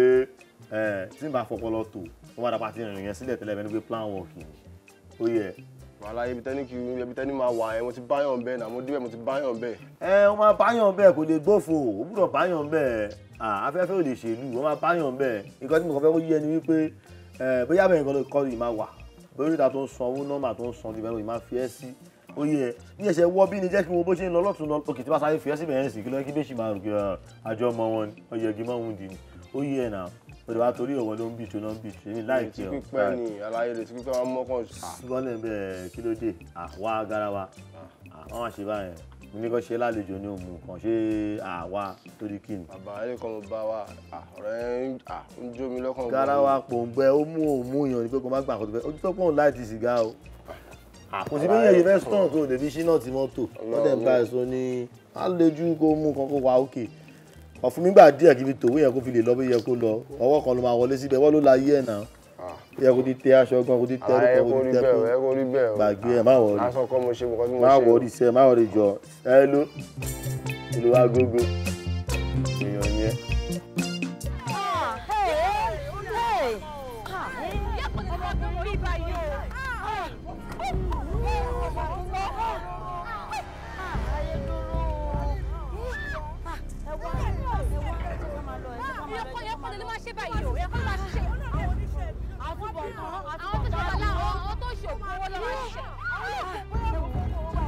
tí n to. fọpọlọ tó wọ́n bá dàpá ti rìn yẹn sílẹ̀ tẹ́lẹ̀ mẹ́ni pé plan work ni ó yẹ wàhálà ibi tẹ́ni kì í ibi tẹ́ni máa wà ẹ̀ mo ti báyọ̀ bẹ́ẹ̀ náà mo débẹ̀ mo ti báyọ̀ bẹ́ẹ̀. ẹ ọ máa báyọ̀ bẹ́ẹ̀ kò lè gbófo ó gbúdọ̀ báyọ̀ bẹ́ẹ̀ ah, afẹ́fẹ́ ò lè ṣèlú ọ máa báyọ̀ bẹ́ẹ̀ nǹkan tí mo kàn fẹ́ kó yé ẹni wípé Eh, bóyá bẹ́ẹ̀ nǹkan ló kọ́ ni máa wà bóyá oríta tó ń san owó nọ́mbà tó ń san jù bẹ́ẹ̀ lóyún máa fi ẹ́ sí oyè ẹ̀ ní ẹ̀sẹ̀ wọ́ bí ni jẹ́ kí wọ́n bó ṣe ń lọ lọ́tún lọ òkè tí wọ́n sáré fi ẹ́ sí bẹ̀rẹ̀ sí kí lọ́ọ́ kí bẹ́ẹ̀ sì máa rò kí ah, àjọ ọmọ wọn ni oyè ẹ̀gí máa ń dì ní oyè ẹ̀ náà pẹ̀lú àtòrí ọ̀wọ́ ló ń bì tó ló ń bì tó ní láìpẹ́ ọ̀. pípẹ́ ni àlàyé rẹ̀ ti pípẹ́ wọn mọ́kàn. bọ́lẹ̀ bẹ́ẹ̀ kí ló dé àwa garawa ah. àwọn àṣebáyẹn ní kò ṣe lálejò ní òmù kan ṣé àwa torí kí ni. bàbá ilé kan mo bá wa ọ̀rẹ́ ń jó mi lọ́kàn. garawa pòǹgbẹ ó mú òmù yàn ní pé kò má gbà kótó fẹ́ ojú tó pọ̀ láì ti sìgá o. kò sí bẹ́ẹ̀ yẹn fẹ́ stọ̀n tó lè fi ṣínà tí mọ́tò wọ́n dẹ̀ ń bá ẹ̀sọ́ ní àlejò kó mú kan kó wa òkè ọ̀fun mi gbà díẹ̀ kí mi tòwé yẹn kó fi lè lọ bí yẹ kó lọ ọwọ́ kan ló máa wọlé síbẹ̀ wọ́n ló la yí náà yẹ kó ti tẹ aṣọ gan kó ti tẹ orúkọ kó ti tẹ kó gbàgbé ẹ má wọrí má wọrí sẹ má wọrí jọ ẹ ló ìlú agogo èèyàn yẹn.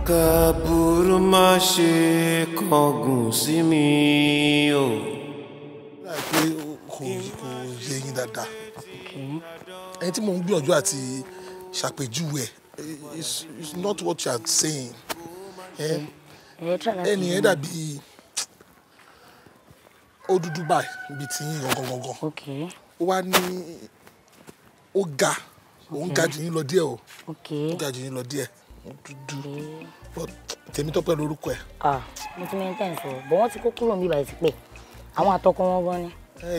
Kàbúrú má ṣe kọgùn mi o. láìpẹ́ kò yé yín dáadáa ẹni tí mò ń gbìyànjú àti ṣàpèjúwe it's not what you are saying ẹni ẹ dàbí ó báyìí bíi ti yín gangan gangan ó wá ní ó ga òun ga yín lọ díẹ̀ o ó ga yín lọ díẹ̀ dúdú. Tèmítọ́pẹ́ lorúkọ ẹ̀. mo ti mẹ́ta ẹ̀ sọ bọ́ wọ́n ti kó kúrò níbi ìbàdí pé àwọn àtọkọ wọn gan ni.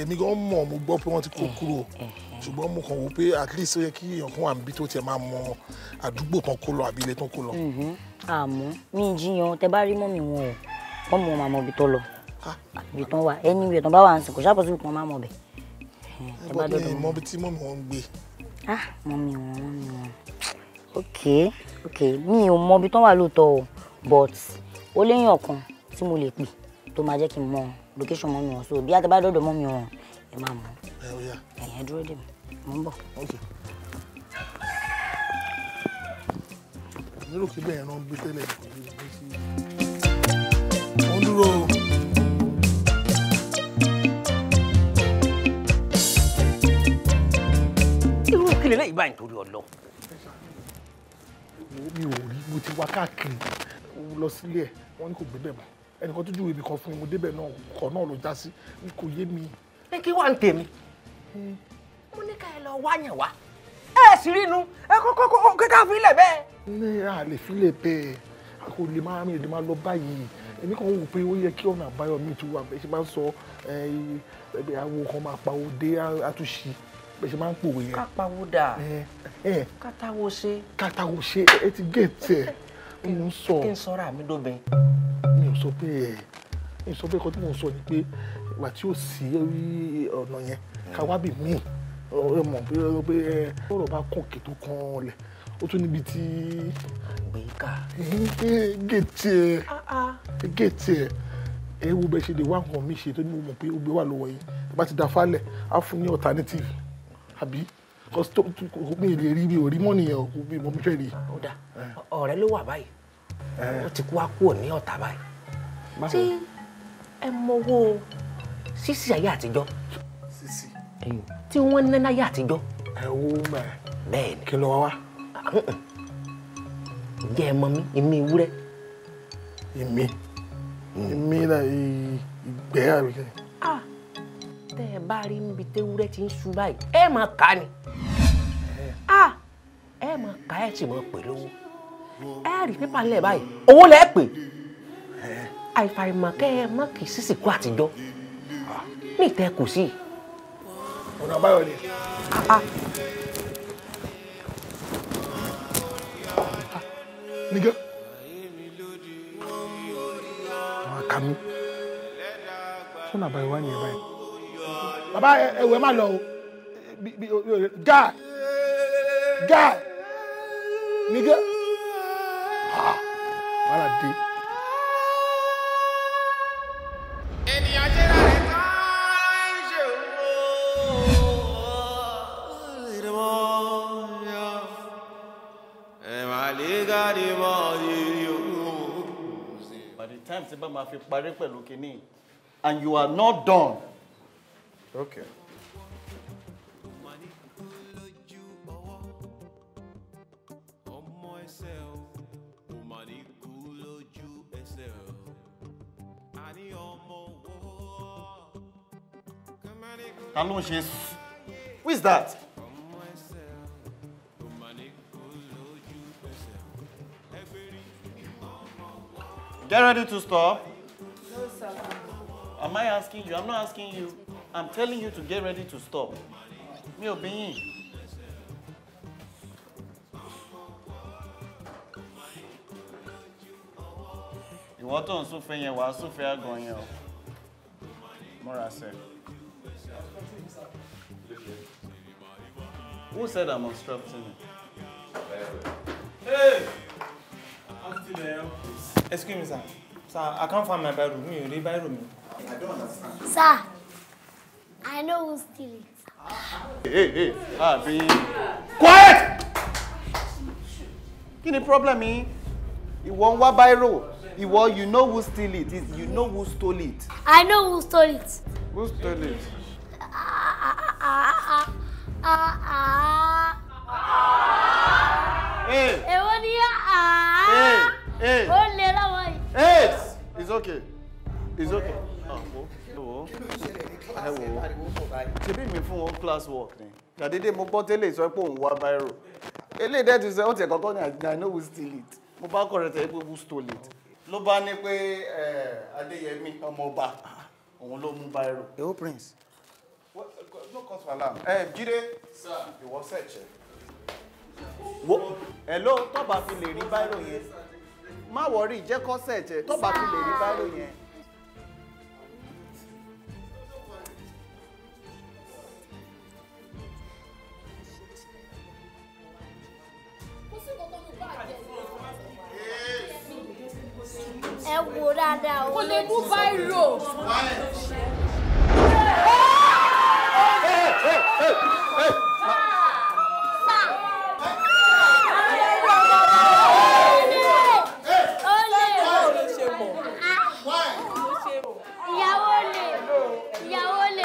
èmi gan mọ̀ mo gbọ́ pé wọ́n ti kó eh, kúrò eh, eh. ṣùgbọ́n mo kàn wò pé at least ó yẹ kí èèyàn kan wà níbi tó tiẹ̀ máa mọ àdúgbò tán kó lọ àbí ilé tán kó lọ. Mm-hmm. àmọ́ mi jiyàn tẹ bá rí mọ́mì wọn o wọ́n mọ màmọ́ ibi tó lọ ibi tán wà ẹni ibi tán bá wà ń sìn kò ṣàpọ̀ síbi kan máa mọ̀ bẹ̀. ẹ bọ́ mi mọ tí mọ́mì wọn ń gbé. ah mọ́mì wọn mọ́mì wọn ok ok mi ò mọ ibi tó wà lóòótọ́ o but ó léyìn ọ̀kan tí mo lè pè tó máa jẹ́ kí n mọ location mọ́ mi wọn so bí àtàbá dọ̀dọ̀ mọ́ mi wọn ẹ máa mọ̀ ẹ̀yìn dúró dè mí mo ń bọ̀. lérò pé bẹ́ẹ̀ rán gbé tẹ́lẹ̀ kò ní ìgbé sí i. wọ́n dúró o. irú báyìí torí ọlọ́run mi ò rí mo ti wá káàkiri lọ sílé ẹ̀ wọ́n ní kò gbé bẹ̀ mọ́ ẹnìkan tó ju ibì kan fún mi mo débẹ̀ náà kọ̀ náà ló já sí kò yé mi. ẹ kí wàá ń tèmi hmm. mo ní ká ẹ lọ wáyàn wá ẹ sì rí inú ẹ kọ́kọ́ kọ́ kíkà fílẹ̀ bẹ́ẹ̀. ní a lè fílẹ̀ bẹ́ẹ̀ a kò lè máa rìn lè máa lọ báyìí èmi kàn wò pé ó yẹ kí ọ̀nà àbáyọ mi tún wà bẹ́ẹ̀ ṣe máa ń sọ àwọn kan máa pa òde àtúnṣe bẹ́ẹ̀ ṣe máa ń pòwe yẹn. kápáwódà kátàwó ṣe. kátàwó ṣe ẹ ti géètì ẹ ń sọ. kí n sọra mi dóbin. mi ò sọ pé ẹ mi ò sọ pé ẹkọ tí mò sọ ni pé ìgbà tí ò sí ọ̀nà yẹn káwábì míì ọ̀rẹ́ mọ̀ pé ọ̀rọ̀ bá kàn kí tó kàn án lẹ̀ ó tún níbi tí. àgbéká. géètì ẹ géètì ah, ah. ẹ ẹ wo bẹ ṣe lè wá nǹkan mi ṣe tó ní mo mọ̀ pé ó wà lọ́wọ́ yìí bá ti da falẹ̀ á fún ní alternative àbí mi lè rí mi ò rí mọ́nì yẹn kò mi mọ́ mi fẹ́ rí. ó dà ọ̀rẹ́ ló wà báyìí ó ti kú wá kúrò ní ọ̀tá báyìí. ṣé ẹ mọwọ́ sísì ayé àtijọ́ tí wọ́n ná láyé àtijọ́. ẹ wo bẹ́ẹ̀ ni kí ló wá wá. ǹjẹ́ ẹ mọ mi èmi ewúrẹ́. èmi mm. èmi náà ìgbẹ́ àbíkẹ́ tẹ́ ẹ bá rí níbi tẹ́wúrẹ́ ti ń ṣú báyìí ẹ máa kà á ni ẹ máa kà á ẹ sì máa pè lówó ẹ rí pépà ńlẹ̀ báyìí owó lẹ́ pè àìfàìmọ̀ kẹ́ ẹ má kì í sísìkú àtijọ́ ní ìtẹ́ kù sí. ọ̀nà àbáyọ ni. nígẹ́ wọn kà mí sọ́nà àbáyọ wá nìyẹn báyìí bàbá ẹwẹ má lọ o guy guy nigga ah wàhálà dé. by the time tí bá máa fi parí pẹ̀lú kínní and you are not done. Okay. ẹsẹ̀ o who is that. get ready to stop. No, sir. Am I asking you? I'm not asking you. I'm telling you to get ready to stop. Me ò bí yín. Ìwọ tó ń súnfẹ́ yẹn wàá súnfẹ́ àgàn yẹn o. Mọ́ra sẹ́. Who said I'm obstructing Hey! I'm still there. Excuse me, sir. Sir, I can't find my Bible. Mi ò rí Bible I don't understand. Sir. I know who steal it. Hey, hey, Abi. Quiet! Kí ni problem yìí? Ìwọ ń wá bírò. Ìwọ you know who steal it. It's you know who stole it. I know who stole it. Who stole it? Hey. Èwo ni a? Hey. Hey. Ó lè lọ́wọ́ yìí. Hey! It's okay. It's okay. Oh, oh ẹ wò ó ṣebí mi fún wọn class work ni ṣàdédé mo gbọ́ tẹ́lẹ̀ sọ pé òun wá báírò eléyìí dẹ́tù sọ ó tiẹ̀ kọ́kọ́ i know we steal it mo bá kọ̀ rẹ̀ tẹ́ pé we stole it ló bá ní pé adéyẹmí ọmọọba òun ló mú báírò. èwo prince. no cause for alarm. jíde ìwọ search wo hello tó bá fi lè rí báírò yẹn má wọrí jẹ́ kó search tó bá fi lè rí báírò yẹn. ẹ wò dáadáa o. kò lè mú báírò. ìyàwó lè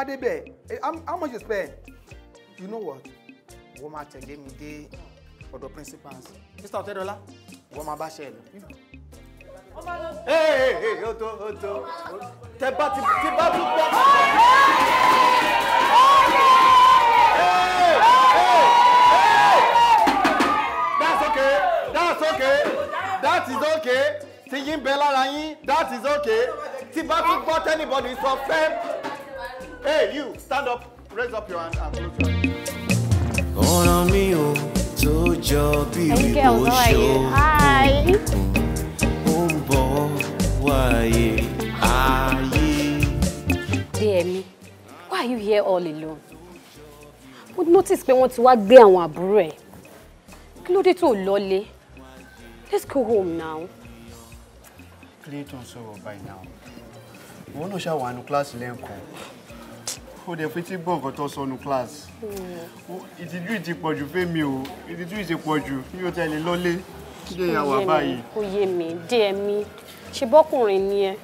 wá how much you spend you know what wọ́n máa tẹ̀lé mi dé ọ̀dọ̀ principals mr ọ̀tẹ́dọ́lá wọ́n máa bá ṣe ẹ̀ lọ. ee ee o tó o tó tẹ bá tí that's okay that's okay that is okay tí yín bẹ lára yín that is okay tí bá tún gbọ́ tẹ́nibọ̀dì sọ fẹ́ẹ́. Hey, you, stand up, raise up your hand and close your eyes. Ọ̀ràn mi ò tó jọ bí ìwò ṣó. Hi. Ó ń bọ̀ wáyé ayé. Déyẹ̀mí, why are you here all alone? Mo notice pé wọ́n ti wá gbé àwọn àbúrò ẹ̀. Kí ló dé tó lọ́lé? Let's go home now. Clayton sọ̀rọ̀ báyìí náà. Òun náà ṣàwọn àánú kíláàsì lẹ́ǹkan ó dẹ̀ fi tí gbọ́ nǹkan tó sọnù class ìtìjú ìti pọ̀jù fẹ́mi o ìtìjú ìti pọ̀jù mi tẹ̀lé lọ́lé kí ẹ wà báyìí. kò yé mi dé ẹ̀mí ṣe bọ́kùnrin ni ẹ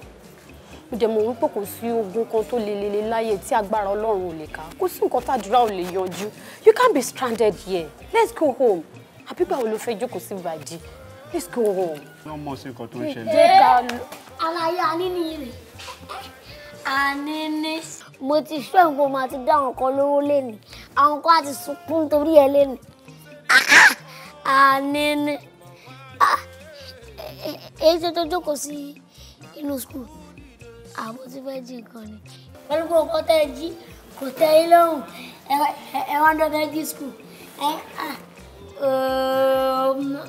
mo dẹ̀ mọ̀ wípé kò sí ogun kan tó le lele tí agbára ọlọ́run ò lè ká kò sí nǹkan tàdúrà ò lè yanjú you can't be stranded here let's go home àbígbà wo ló fẹ́ jókòó sí ìbàdí let's go home. wọ́n mọ̀ sí nǹkan tó ń ṣẹlẹ̀. alaye anini yìí rè anini mo ti sọ nǹkan máa ti dá àwọn kan lówó lẹ́nu àwọn kan á ti sunkún torí ẹ lẹ́nu àníní èyí tó tó jókòó sí inú skul àbó tí fẹ́ jí nǹkan ni pẹ̀lú pé ọkọ tẹ́ ẹ jí kò tẹ́ ẹ lọ́rùn ẹ wá dọ́gba ẹ jí skul ẹ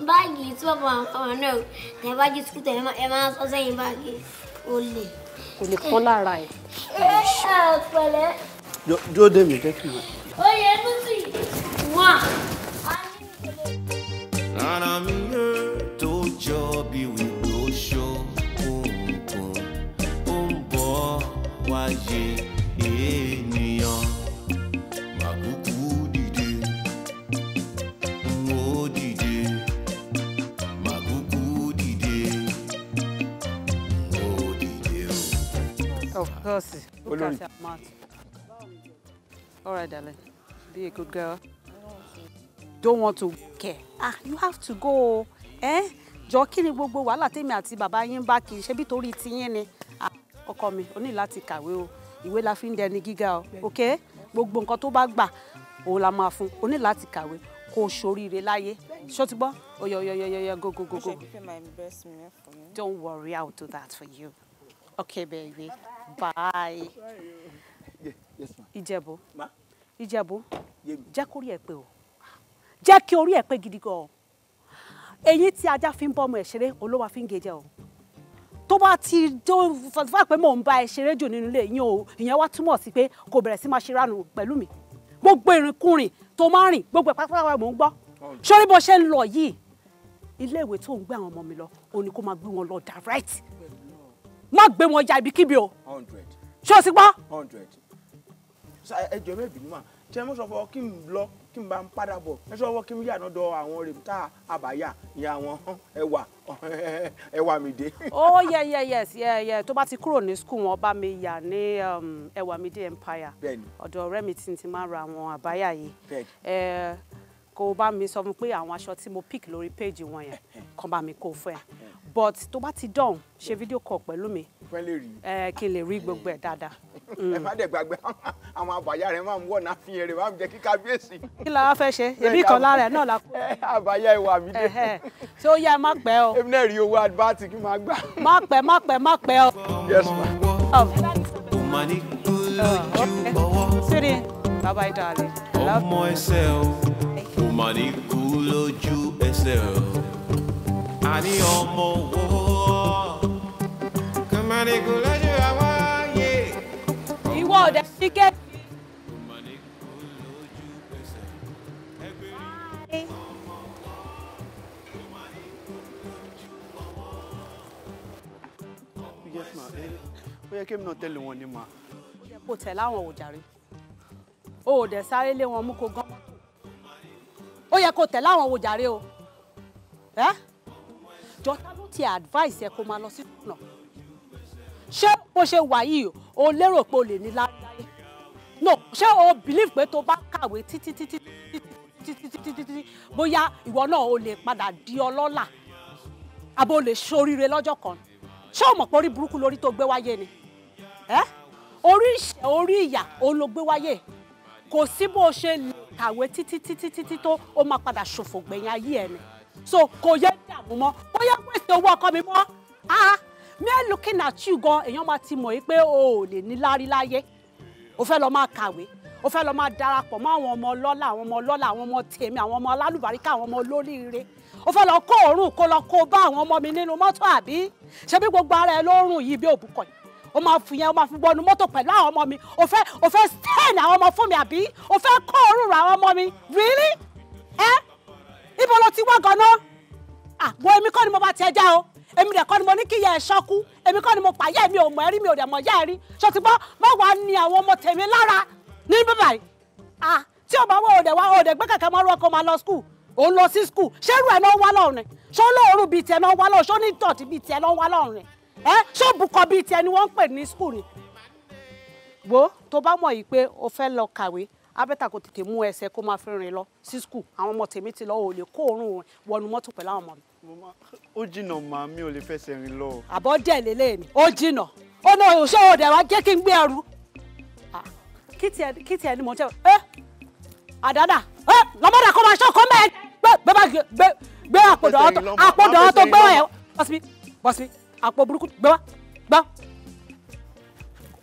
báàgì tí bàbá àwọn náà tẹ́ bá jí skul tẹ́ ẹ máa sọ sẹ́yìn báàgì ó lè kò lè kán lára ẹ̀. pẹ̀lẹ́. dúró dé mi jẹ́ kí n wá. oyè bùsì wà. rárá mi yóò tó jọ bí wíwò ṣó òǹkùn ó ń bọ̀ wáyé. Of course. Olórí. All right, darling. Be a good girl. Don't want to care. Ah, you have to go. Eh? Jọ ni gbogbo wàhálà tèmi àti bàbá yín yin kì í ṣe bí torí tiyín ni. Ah, ọkọ mi, o ní láti kàwé o. Ìwé la fi ń dẹni gíga o. Okay? Gbogbo nǹkan to bá gbà, òun la máa fún. O ní láti kàwé kó ṣoríire láyé ṣó ti gbọ́ oyoyoyoyo go go go go don't worry i will do that for you okay baby. Bye -bye bye. ìjẹ̀bú ìjẹ̀bú jẹ́ kó rí ẹ pé o jẹ́ kí orí ẹ pé gidi gan o èyí tí ajá fi ń bọ́ ọmọ ẹ̀ ṣeré olówó fi ń gé jẹ o tó bá ti tó fà pé mò ń bá ẹ ṣeré jù nínú ilé yín o ìyẹn wá túmọ̀ sí pé kò bẹ̀rẹ̀ sí máa ṣe ránu pẹ̀lú mi gbogbo ìrìnkúrìn tó máa rìn gbogbo ìpátápátá mò ń gbọ́ sórí bó ṣe ń lọ yìí ilé tó ń gbé àwọn ọmọ mi lọ òun ni kó máa gbé wọn lọ direct má gbé wọn ja ibikíbi o ṣé o sì gbọ́. ẹ jẹ́ bẹ́ẹ̀ bínú mà ṣé mo sọ fọ kí n lọ kí n bá ń padà bọ̀ ẹ sọ wọ́n kí n yà náà dọ àwọn rèmítà àbáyà ìyá wọn ẹwà ẹwà mi dé. ó yẹ yẹ yẹ yẹ tó bá ti kúrò ní skul wọn bá mi yà ní um, ẹwà mi dé empire ọ̀dọ̀ ọ̀rẹ́ mi ti ti máa ra àwọn àbáyà yìí kó o bá mi sọ fún pé àwọn aṣọ tí mo pick lórí péèjì wọn yẹn kàn bá mi kó fún ẹ but tó bá ti dọ̀hún ṣe fídíò kọ̀ pẹ̀lú mi kí n lè rí gbogbo ẹ̀ dáadáa. ẹ mm. má dẹ̀ gbàgbé àwọn àbàyà rẹ̀ máa ń wọ̀ náà fi yẹn rẹ̀ máa ń jẹ́ kí kábíyèsí. kí la wá fẹ́ ṣe èmi kan lára ẹ̀ náà la kú. Eh, àbàyà ìwà mi dé. ṣé ó yá ẹ má pẹ́ o. èmi náà rí owó advert kí n máa gbà. má pẹ́ má pẹ́ má pẹ́ o. yes ma. siri bye bye darling. ọmọ ẹsẹ̀ o kò mà ní kú ẹsẹ̀ o àní ọmọ owó kàmáníkù lójú àwọn ààyè. ìwọ ọ̀dà tíkẹ́ẹ̀tì. yes ma eh, ó yẹ kí èmi náà tẹ̀lé wọn ni ma. ó yẹ kó tẹ̀ láwọn ò jàre o ẹ́ jọ ti advice ẹ kó máa lọ sí ọ̀nà ṣé bó ṣe wà yìí o lérò pé o lè ní láyé no ṣé o believe pé tó bá kàwé títí títí títí bóyá ìwọ náà o lè padà di ọlọ́lá àbò o lè ṣoríire lọ́jọ́ kan ṣé o mọ̀ pé orí burúkú lórí tó gbé wáyé ni orí ìṣẹ́ orí ìyà òun ló gbé wáyé kò sí bó o ṣe lè kàwé títí títí títí tó o máa padà ṣòfò gbẹ̀yìn ayé ẹ ni so kò yẹ dààmú mọ́ kò yẹ wẹ̀sì owó ọkọ mi mọ́ ah me looking at you gan èèyàn máa ti mọ̀ yìí pé o ò lè ní lárí láyé o fẹ́ lọ máa kàwé o fẹ́ lọ máa darapọ̀ mọ́ àwọn ọmọ ọlọ́lá àwọn ọmọ ọlọ́lá àwọn ọmọ tèmi àwọn ọmọ alálùbáríkà àwọn ọmọ olóríire o fẹ́ lọ kó òórùn kó lọ kó bá àwọn ọmọ mi nínú mọ́tò àbí ṣebí gbogbo ara ẹ ló yìí bí òbúkọ yìí o máa fi yẹn o máa fi wọnú mọ́tò pẹ̀lú àwọn ọmọ mi o fẹ́ o fẹ́ stain àwọn ọmọ fún mi àbí o fẹ́ kó òórùn àwọn ọmọ mi really ẹ eh? ibo ló ti wá ganan àbọ̀ ah, èmi kọ́ ni mo bá ti já o èmi dẹ̀ kọ́ ni mo ní kí ìyá ẹ̀ ṣọ́kú èmi kọ́ ni mo pààyà mi ò mọ̀ ẹ́rí mi ò dẹ̀ mọ̀ yá ẹ̀rí ṣọtí gbọ́ mọ̀ wá ní àwọn ọmọ tèmi lára ní bíbá yìí ah tí o bá wọ òdẹ̀ wá òdẹ̀ gbé kẹ̀kẹ́ mọ́ rọ́ọ̀kọ́ máa lọ skul òun lọ sí skul ṣé irú ẹ̀ náà wá lọ́rùn rẹ̀ ṣó lóoru bíi tiẹ̀ náà wá lọ́rùn ṣó ní ìtọ̀tí bíi tiẹ̀ náà wá lọ́rùn rẹ̀ ẹ́ ṣó bùkọ́ bíi tiẹ̀ ni wọ́n ń pè ní skul ni. wo tó bá mọ̀ yìí pé o fẹ́ lọ kàwé abẹ́tà kò tètè mú ẹsẹ̀ kó máa fi rìn lọ sí skul àwọn ọmọ tèmi ti lọ ò lè kó òórùn wọnú mọ́tò pẹ̀lú àwọn ọmọ mi. ó jìnnà màá mi ò lè fẹsẹ̀ rìn lọ. àbọ̀ dẹ̀ lélẹ̀ mi ó jìnnà ó náà òṣè òde wa jẹ́ kí n gbé ẹrù kí tiẹ̀ ni mò ń tẹ̀ ẹ́ àdánà ẹ́ lọ́mọdà kọ́ máa ṣọ́kọ́ mẹ́ẹ̀ gbé gbé gbé àpòdò ọ̀tọ̀ àpòdò ọ̀tọ̀ gbé wọ́n ẹ̀ bọ́sibí bọ́sibí àpò burúkú gbé wá gbá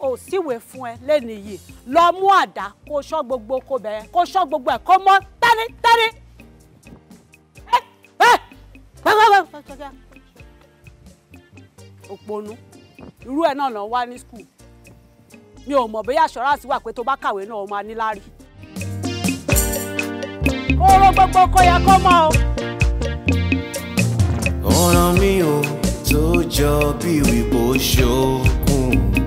ò síwèé fún ẹ lẹ́nu yìí lọ mú àdá kó ṣọ́ gbogbo kó bẹ̀rẹ̀ kó ṣọ́ gbogbo ẹ̀ kó mọ́ tẹ́rí tẹ́rí. òpònú irú ẹ̀ náà náà wá ní skul mi ò mọ̀ bóyá assurance wà pé tó bá kàwé náà ó máa ní láárí. kóró gbogbo kó kó mọ́ o. ọ̀ràn mi ò tó jọ bí wípé ó ṣokùn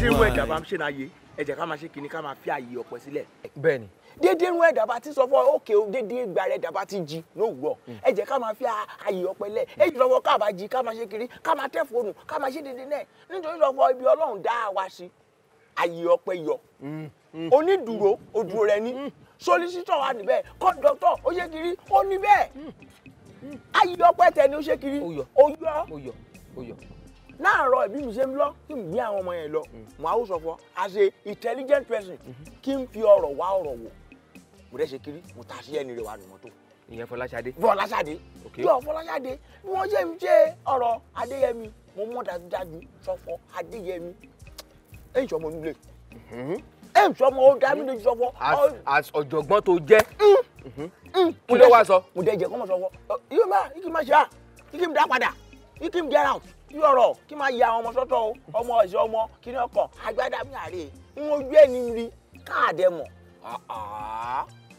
déédéé ẹ̀dá bá ń ṣe náà yé ẹ jẹ́ ká máa ṣe kinní ká máa fi àyè ọ̀pọ̀ sílẹ̀. bẹ́ẹ̀ni. déédéé irun ẹ̀dá bá ti sọ fún ọ òkè déédéé ìgbà rẹ̀ ẹ̀dá bá ti jí lówùrọ̀ hmm. ẹ jẹ́ ká máa fi àyè ọ̀pọ̀ lẹ̀ ẹ jù lọ́wọ́ ká bá jí ká máa ṣe kiri ká máa tẹ̀ fóònù ká máa ṣe déédéé náà nítorí lọ́wọ́ ibi ọlọ́run dá wa sí àyè ọ̀pọ̀ yọ hmm. Hmm. onídùúró òdùúró rẹ ní solicitor wa níbẹ̀ doctor ó ṣe kiri ó ní bẹ́ẹ̀ àyè ọ̀pọ̀ tẹ̀ ni ó ṣe kiri ó yọ ó yọ ó yọ láàárọ̀ ìbí mi ṣe ń lọ kí n gbé àwọn ọmọ yẹn lọ mm. mo á ó sọ fún as a intelligent person mm-hmm. kí n fi ọ̀rọ̀ wá ọ̀rọ̀ wò mo dẹ́ ṣe kiri mo ta sí ẹni rẹ̀ wà ní mọ́tò. ìyẹn Fọláṣadé. Fọláṣadé yóò Fọláṣadé bí wọ́n ṣe ń ṣe ọ̀rọ̀ Adéyẹmí mo mọ̀ dájúdájú Ṣọ̀fọ̀ Adéyẹmí ẹ̀ ń sọ ọmọ nílé ẹ̀ ń sọ ọmọ ó dá mi lójú Ṣọ̀fọ̀. as ọ̀jọ̀gbọ́n tó jẹ́ mm. Mm-hmm. Mm. kí ló wá sọ. mo dẹ́ jẹ́ kọ́mọ Ṣọ̀fọ̀ yóò má ikí má ṣe à ikí mi dá padà ikí mi get out irú ọ̀rọ̀ kí máa ya ọmọ sọ́tọ̀ o ọmọ ọ̀ṣẹ́ ọmọ kí ni ọkàn agbádá mi àárẹ̀ ìwọ̀n ojú ẹ̀ ní rí káàdẹ mọ̀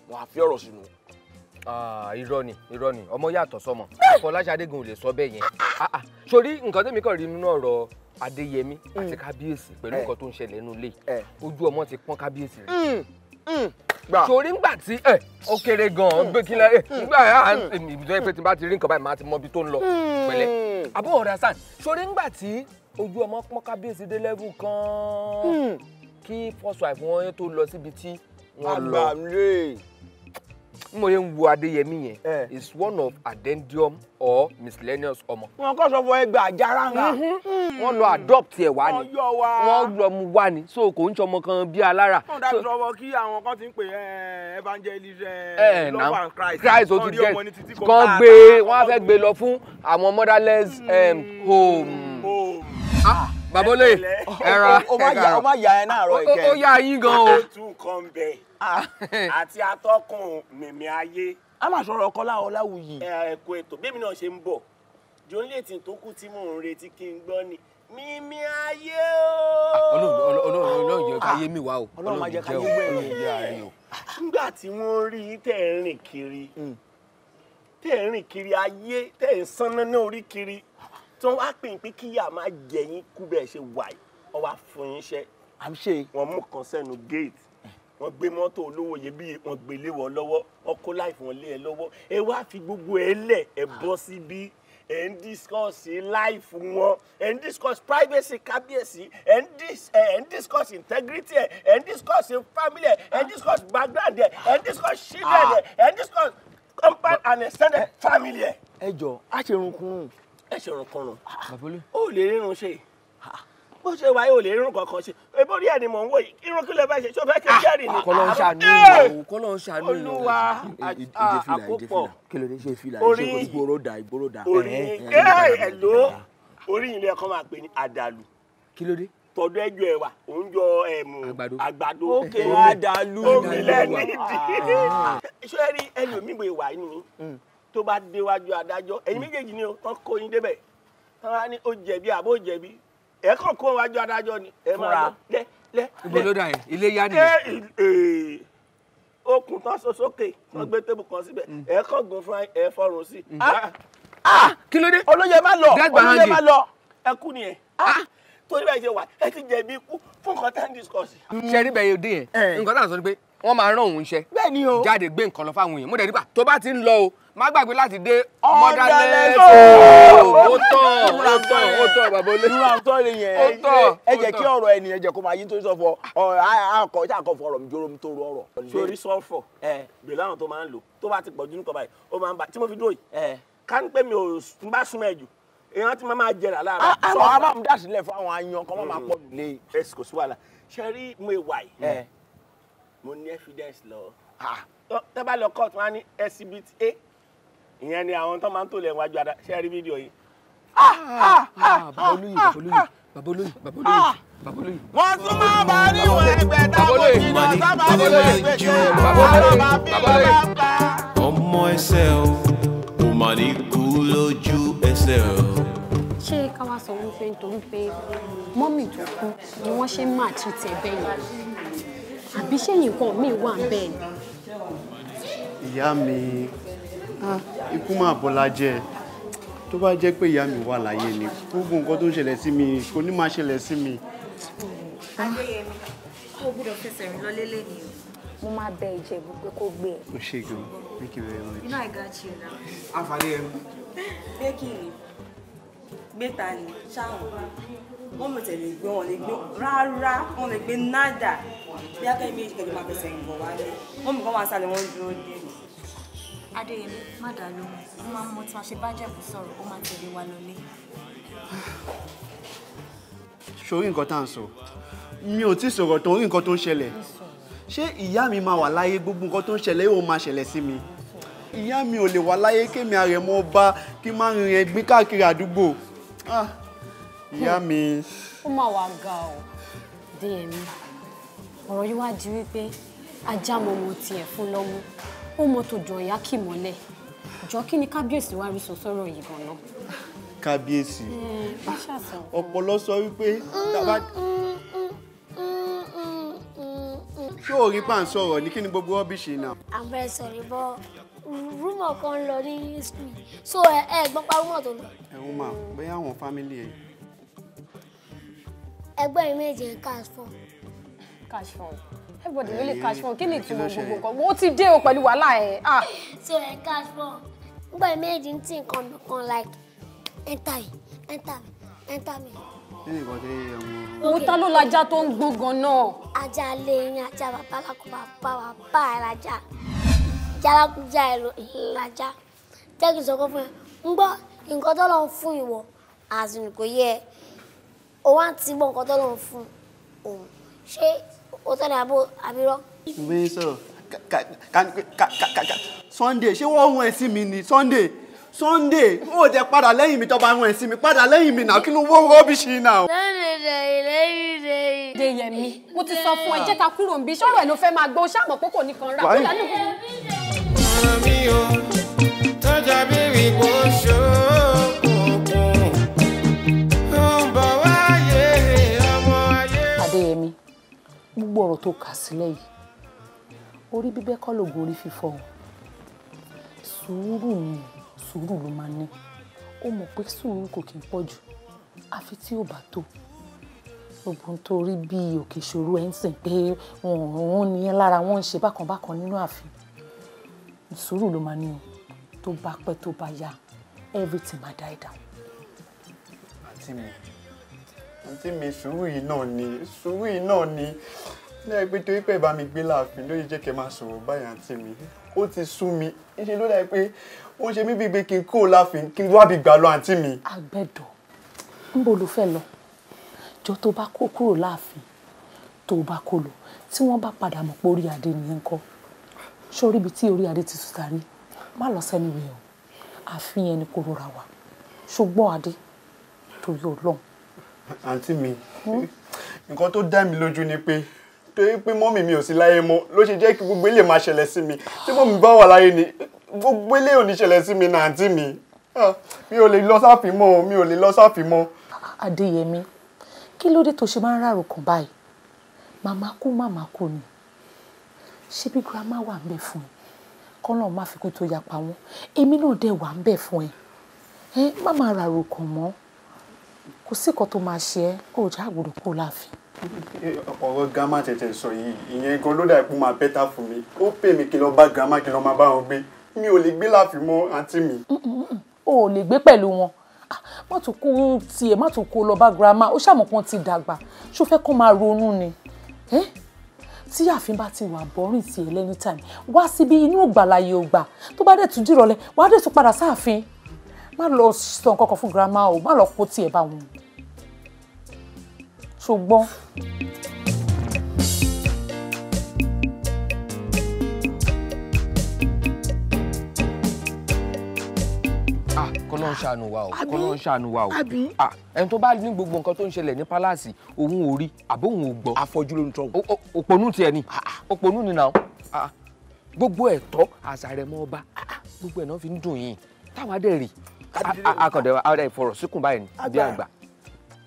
wọ́n á fi ọ̀rọ̀ sínú. irọ́ ni irọ́ ni ọmọ yàtọ̀ sọmọ Fọláṣadégun ò lè sọ bẹ́ẹ̀ yẹn sórí nǹkan tẹ́mi kàn rí nínú ọ̀rọ̀ Adéyẹmí àti mm. kábíyèsí pẹ̀lú nǹkan tó ń ṣẹlẹ̀ nínú ilé ojú ọmọ ti pọ́n kábíyèsí rẹ̀. Mm, mm gbà. sori ngbà tí ẹ eh, ó kéré gan-an hmm. gbé kílẹ̀ ẹ nígbà yà á èmi ìbùdó pé tí n bá ti rí nǹkan báyìí máa ti mọ ibi tó ń lọ hmm. pẹ̀lẹ́ àbúrò ọ̀rẹ́ sàn sori ngbà tí ojú ọmọ pọ́n kábíyèsí dé lẹ́bù kan hmm. kí fọ́sọ̀ àìfọwọ́yẹ́ tó lọ síbi tí wọ́n lọ. àgbà ń lè mo ye ń wo Adéyẹmí yẹn is one of addendum or miscellaneous ọmọ. wọn kọ́ sọ fún ẹgbẹ́ àjàrà ńlá. Mhm. Hmm. wọ́n lọ adopt ẹ̀ wá ni wọ́n lọ mu wá ni so kò ń sọmọ kan bí alára. wọ́n dájú sọ kí àwọn kan ti ń pè eh, evangelist eh, eh, lọ́wọ́ Christ Christ o ti jẹ́ kan gbé wọ́n á fẹ́ gbé lọ fún àwọn motherless hmm. hmm. home. Ah babolé ẹ̀rọ ẹ̀ka rẹ̀ ó yà yín gan o. àti atọ́kùn mèmí ayé. a máa sọ̀rọ̀ Kọ́lá Ọláwuyì. ẹ kó ètò bí èmi náà ṣe ń bọ̀ jọ́nlẹ̀tì tó kù tí mò ń retí kí n gbọ́ ni mímí ayé o. Ah, Ọlọ́run Ọlọ́run jẹ́ ká yé mi wá o ah, Ọlọ́run máa ká yé wẹrẹ o. nígbà tí wọ́n rí tẹ̀ ń rìn kiri mm. tẹ̀ ń rìn kiri ayé tẹ̀ ń sanná ní orí kiri tí wọ́n wá pè é pé kíyà máa jẹ̀yìn kú bẹ́ẹ̀ ṣe wà yìí wọ́n wá fún yín ṣẹ́. à ṣe. wọ́n mú kan sẹ́nu géètì wọ́n gbé mọ́tò olówó iyebíye wọ́n gbé lé wọ́n lọ́wọ́ ọkọ láìfún wọn lé ẹ lọ́wọ́ ẹ wá fi gbogbo ẹ lẹ̀ ẹ bọ́ síbí ẹ ń discuss life wọn ẹ ń discuss privacy kábíyèsí ẹ ń ẹ ń discuss integrity ẹ ẹ ń discuss family ẹ ẹ ń discuss background ẹ ẹ ń discuss children ẹ ẹ ń discuss compound ah. and extended family ẹ. ẹ jọ a ṣe runkun. ẹ ṣe runkun. bàbá ah. olú. ó lè rírun ṣe. Ah bó ṣe wáyé ò lè irun kankan ṣe ebó rí ẹ ni mò ń wò yìí irun kí ló fẹ́ ṣe ṣó fẹ́ kí n jẹ́rìí ni. kọ́ ló ń ṣàánú ìyàwó kọ́ ló ń ṣàánú ìyàwó. olúwa àkópọ̀ orí orí ẹ̀ló orí ilé ẹ̀kọ́ máa pè ní àdàlù. kí ló dé tọdọ ẹjọ ẹwà òun ẹmu àgbàdo òkè àdàlù òmìnira nídìí ṣé rí ẹlòmíwò ìwà inú tó bá déwájú adájọ́ ẹ̀yin méjèèjì ni ó kàn kó yín débẹ̀ kàn á ní ó jẹ̀bi àbó jẹ̀bi ẹ kàn kó wájú adájọ́ ni ẹ máa lọ lẹ lẹ. ìgbòlódà yẹn ilé yá nìyẹn. okùn tán sosókè tán mm. gbé tébù kan síbẹ̀ mm. ẹ kàn gùn fún ẹ fọrùn sí. Mm. Ah, ah, ah, kí ló dé olóyè má lọ olóyè má lọ ẹ kú nìyẹn torí bẹ́ẹ̀ ṣe wà ẹ ti jẹ̀bi ikú fún nǹkan tá ń discuss. ṣe rí bẹ́ẹ̀ yóò dín yẹn eh. nǹkan tá à ń sọ ni pé wọ́n máa rán òun iṣẹ́ jáde gbé nǹkan lọ fáwọn èèyàn mo dẹ̀ nípa tó bá ti ń lọ o má gbàgbé láti dé motherland ó tọ̀ ó tọ̀ ó tọ̀ bàbá olè. irú àtọ́ lè yẹn ẹ jẹ́ kí ọ̀rọ̀ ẹni ẹ jẹ́ kó máa yí nítorí sọ̀fọ̀ àkọ́ tí àkọ́ fọ ọ̀rọ̀ mi jóró mi tó rọ ọ̀rọ̀. sórí sọ̀fọ̀ bèrè láwọn tó máa ń lò tó bá ti pọ̀ jù nǹkan báyìí ó máa ń bà tí mo fi dúró yìí ká ń pè mí ò ń bá súnmọ́ ẹ̀ jù èèyàn ti máa máa jẹrà lára. àwọn a máa ń dà sílẹ̀ fún àwọn mm, wọ́n á ní exhibit ìyẹn ni àwọn tó máa ń tò lẹ́yìn wájú ada ṣe é rí fídíò yìí. bàbá olóyè bàbá olóyè bàbá olóyè bàbá olóyè bàbá olóyè. wọ́n tún máa bá níwọ̀n ẹgbẹ́ dáwọ́ jìnnà sábà níwọ̀n ẹgbẹ́ jù àrọ̀bà bí lọ́ba pa. ọmọ ẹsẹ̀ o mo mà ní kú lójú ẹsẹ̀ o. ṣé ká wá sọ wípé nítorí pé mọ́mì tó kú ni wọ́n ṣe máa ti tẹ̀ bẹ́ẹ̀ yẹn àbí ṣé nǹkan míì wà bẹ́ẹ̀ ni. ìyá mi ikú máa bọ́lá jẹ́ tó bá jẹ́ pé ìyá mi wà láyé ni gbogbo nǹkan tó ń ṣẹlẹ̀ sí mi kò ní máa ṣẹlẹ̀ sí mi. adéyẹmí kó o gbúdọ̀ fẹsẹ̀ rìn lọ ni o. mo máa bẹ ìjẹ̀bú pé kó gbé ẹ. o ṣe gan thank you very much. you know I got you now. àǹfààní ẹ. bẹ́kìrì gbẹ́ta ni ṣáwọn wọ́n mọ̀ tẹ̀lé gbé wọn lè gbé rárá wọn lè gbé nádà bí akẹ́yìn méjì kẹ́lẹ́ máa fẹsẹ̀ rìn bọ̀ wá adéyẹmí má dá lóhùn ó máa ń mọ tí wọn ṣe bá jẹ̀bù sọ̀rọ̀ ó máa tẹ̀lé wa lọlé. sórí nǹkan tá à ń sọ mi ò tí ì sọ̀rọ̀ tán orí nǹkan tó ń ṣẹlẹ̀ ṣé ìyá mi máa wà láyé gbogbo nǹkan tó ń ṣẹlẹ̀ yóò máa ṣẹlẹ̀ sí mi ìyá mi ò lè wà láyé kémi àrẹ̀mọ ọba kí n máa rìnrìn ẹ̀gbin káàkiri àdúgbò ah, ìyá mi. ó máa wà ga ọ dé ẹ̀mí ọ̀rọ̀ yìí wá di wípé ajá mọ̀mọ́ tiẹ̀ fún lọ́mú ó mọ tòjọ ìyá kì mọ́lẹ̀ jọ kí ni kábíyèsí wá rí sọ sọ́rọ̀ yìí gan-an. kábíyèsí ọpọlọ sọ wípé tàbá. ṣé o rí pàǹ sọ̀rọ̀ ní kí ni gbogbo ọ́bíṣì náà. àmọ́ ẹ sọ̀rọ̀ bọ́ rúmọ̀ kan lọ ní school so ẹ ẹ gbọ́ pa rúmọ̀ tó lọ. ẹ ń mà bóyá àwọn fámìlì ẹ. ẹgbẹ́ mi méje cash fund. cash fund everybody really eh, cash for. kí ni ìtumọ̀ gbogbo nǹkan mo ti dé o pẹ̀lú wàhálà Ah, so ẹ cash for. nígbà méjì ń tì nǹkan kan like enter me enter me enter me. kí ni nǹkan tí ọmọ. Um, mo ta ló lajá tó ń gbó ganan. ajá lé yín ajá bàbá làkúbà bá wa bá ẹ lajá jálákújá ẹ lajá jẹ́ kí n sọ kó fún ẹ ń gbọ́ nǹkan tó lọ fún ìwọ àsìkò yẹ ẹ o wá ń tibọ̀ nǹkan tó lọ fún òun ṣé ó sọ̀rọ̀ àbò àbírọ́. mi sọ̀rọ̀ Sunday ṣé wọ́n hun ẹ̀sìn mi ni Sunday Sunday ó jẹ́ padà lẹ́yìn mi tọ́ba hun ẹ̀sìn mi padà lẹ́yìn mi náà kí ló wọ́n wọ́n bí ṣe náà. lẹ́yìn lẹ́yìn lẹ́yìn lẹ́yìn. Deyemi mo ti sọ fún ẹ jẹ́ ká kúrò ń bí sọ̀rọ̀ ẹ̀ ló fẹ́ máa gbọ́ ṣáàmọ̀ kókò nìkan rà. mami o tọ́jà bí rìpọ̀ ṣòro. kà sílẹ̀ yìí orí bíbẹ́ kọ́ lògùn orí fífọ́ o sùúrù ni sùúrù ló máa ní ó mọ̀ pé sùúrù kò kí n pọ̀ jù àfi tí ò bá tó gbogbo nítorí bí òkè ìṣòro ẹ̀ ń sìn pé wọ́n ní ẹ́ lára wọ́n ń ṣe bákan nínú ààfin sùúrù ló máa ní o tó bá pẹ́ tó bá yá everything máa die down. àǹtí mi àǹtí mi sùúrù yìí náà ni sùúrù yìí náà ni ní ẹgbẹ́ tó yí pé bá mi gbé láàfin ló yẹ jẹ́ kẹ́ máa sọ̀rọ̀ báyìí àǹtí mi ó ti sú mi ṣe ló dàbí pé ó ṣe mí bíi pé kí n kó láàfin kí n wá bí gbà lọ àǹtí mi. àgbẹ̀dọ̀ ńbo ló fẹ́ lọ jọ tó bá kó kúrò láàfin tó bá kó lọ tí wọ́n bá padà mọ̀ pé orí adé nìyẹn ń kọ́ sórí ibi tí orí adé ti sùn sáré má lọ sẹ́ni wẹ̀ ọ́ àfin ẹni kò rọra wà ṣùgbọ́n adé torí ọlọ́run. àǹtí mi hmm? nǹkan tó dá mi lójú ni pé torí pé mọ́mì mi ò sí láyé mọ́ ló ṣe jẹ́ kí gbogbo ilé máa ṣẹlẹ̀ sí mi tí mọ́mì bá wà láyé ni gbogbo ilé ò ní ṣẹlẹ̀ sí mi náà àǹtí mi ah, mi ò lè lọ sáfìmọ́ mi ò lè lọ sáfìmọ́. Adéyẹmí kí ló dé tó ṣe máa ń rárò kàn báyìí màmá kú màmá kú ni ṣé bí girama wà ń bẹ fún ẹ kọ́nà má fi kú tó yapa wọn èmi náà dẹ̀ wà ń bẹ fún ẹ ẹ má máa rárò kàn mọ́ kò sí nǹkan tó máa ṣe ẹ ó jà àgbòdo kó láàfin ọ̀rọ̀ grandma tẹ̀tẹ̀ sọ yìí ìyẹn gan ló dà pé máa bẹ́tà fún mi ó pè mí kí lọ bá grandma kí lọ máa bá wọn gbé mi ò lè gbé láàfin mọ́ àǹtí mi. o ò lè gbé pẹ̀lú wọn ah, má tún kó tiẹ̀ má tún kó lọ bá grandma ó ṣàmù kan ti dàgbà ṣó fẹ́ kó máa ronú ni eh? tí ààfin bá ti wà bọ́rìn tiẹ̀ lẹ́ni tàìmì wá síbi inú ògbàlàyé ògbà tó bá dẹ̀ tún dìrọ̀lẹ́ wàá dẹ̀ tún padà sáàfin má lọ sọ nǹkan kan fún grandma o má lọ kó tiẹ̀ bá wọn ṣùgbọ́n. Ah, kọ́lọ́ ń ṣàánú wa o kọ́lọ́ ń ṣàánú wa o ah, ẹni tó bá ní gbogbo nǹkan tó ń ṣẹlẹ̀ ní pálásì òun ò rí àbí òun ò gbọ́. afọjú ló ń tọ́ o òpònú tiẹ̀ ni ah, òpònú ni na gbogbo ẹ̀tọ́ àṣàrẹ̀mọ ọba gbogbo ẹ̀ náà fi ń dùn yín táwa dẹ̀ rí akọ̀dẹ̀ wa ara ìfọ̀rọ̀ síkùn báyìí ni bí àgbà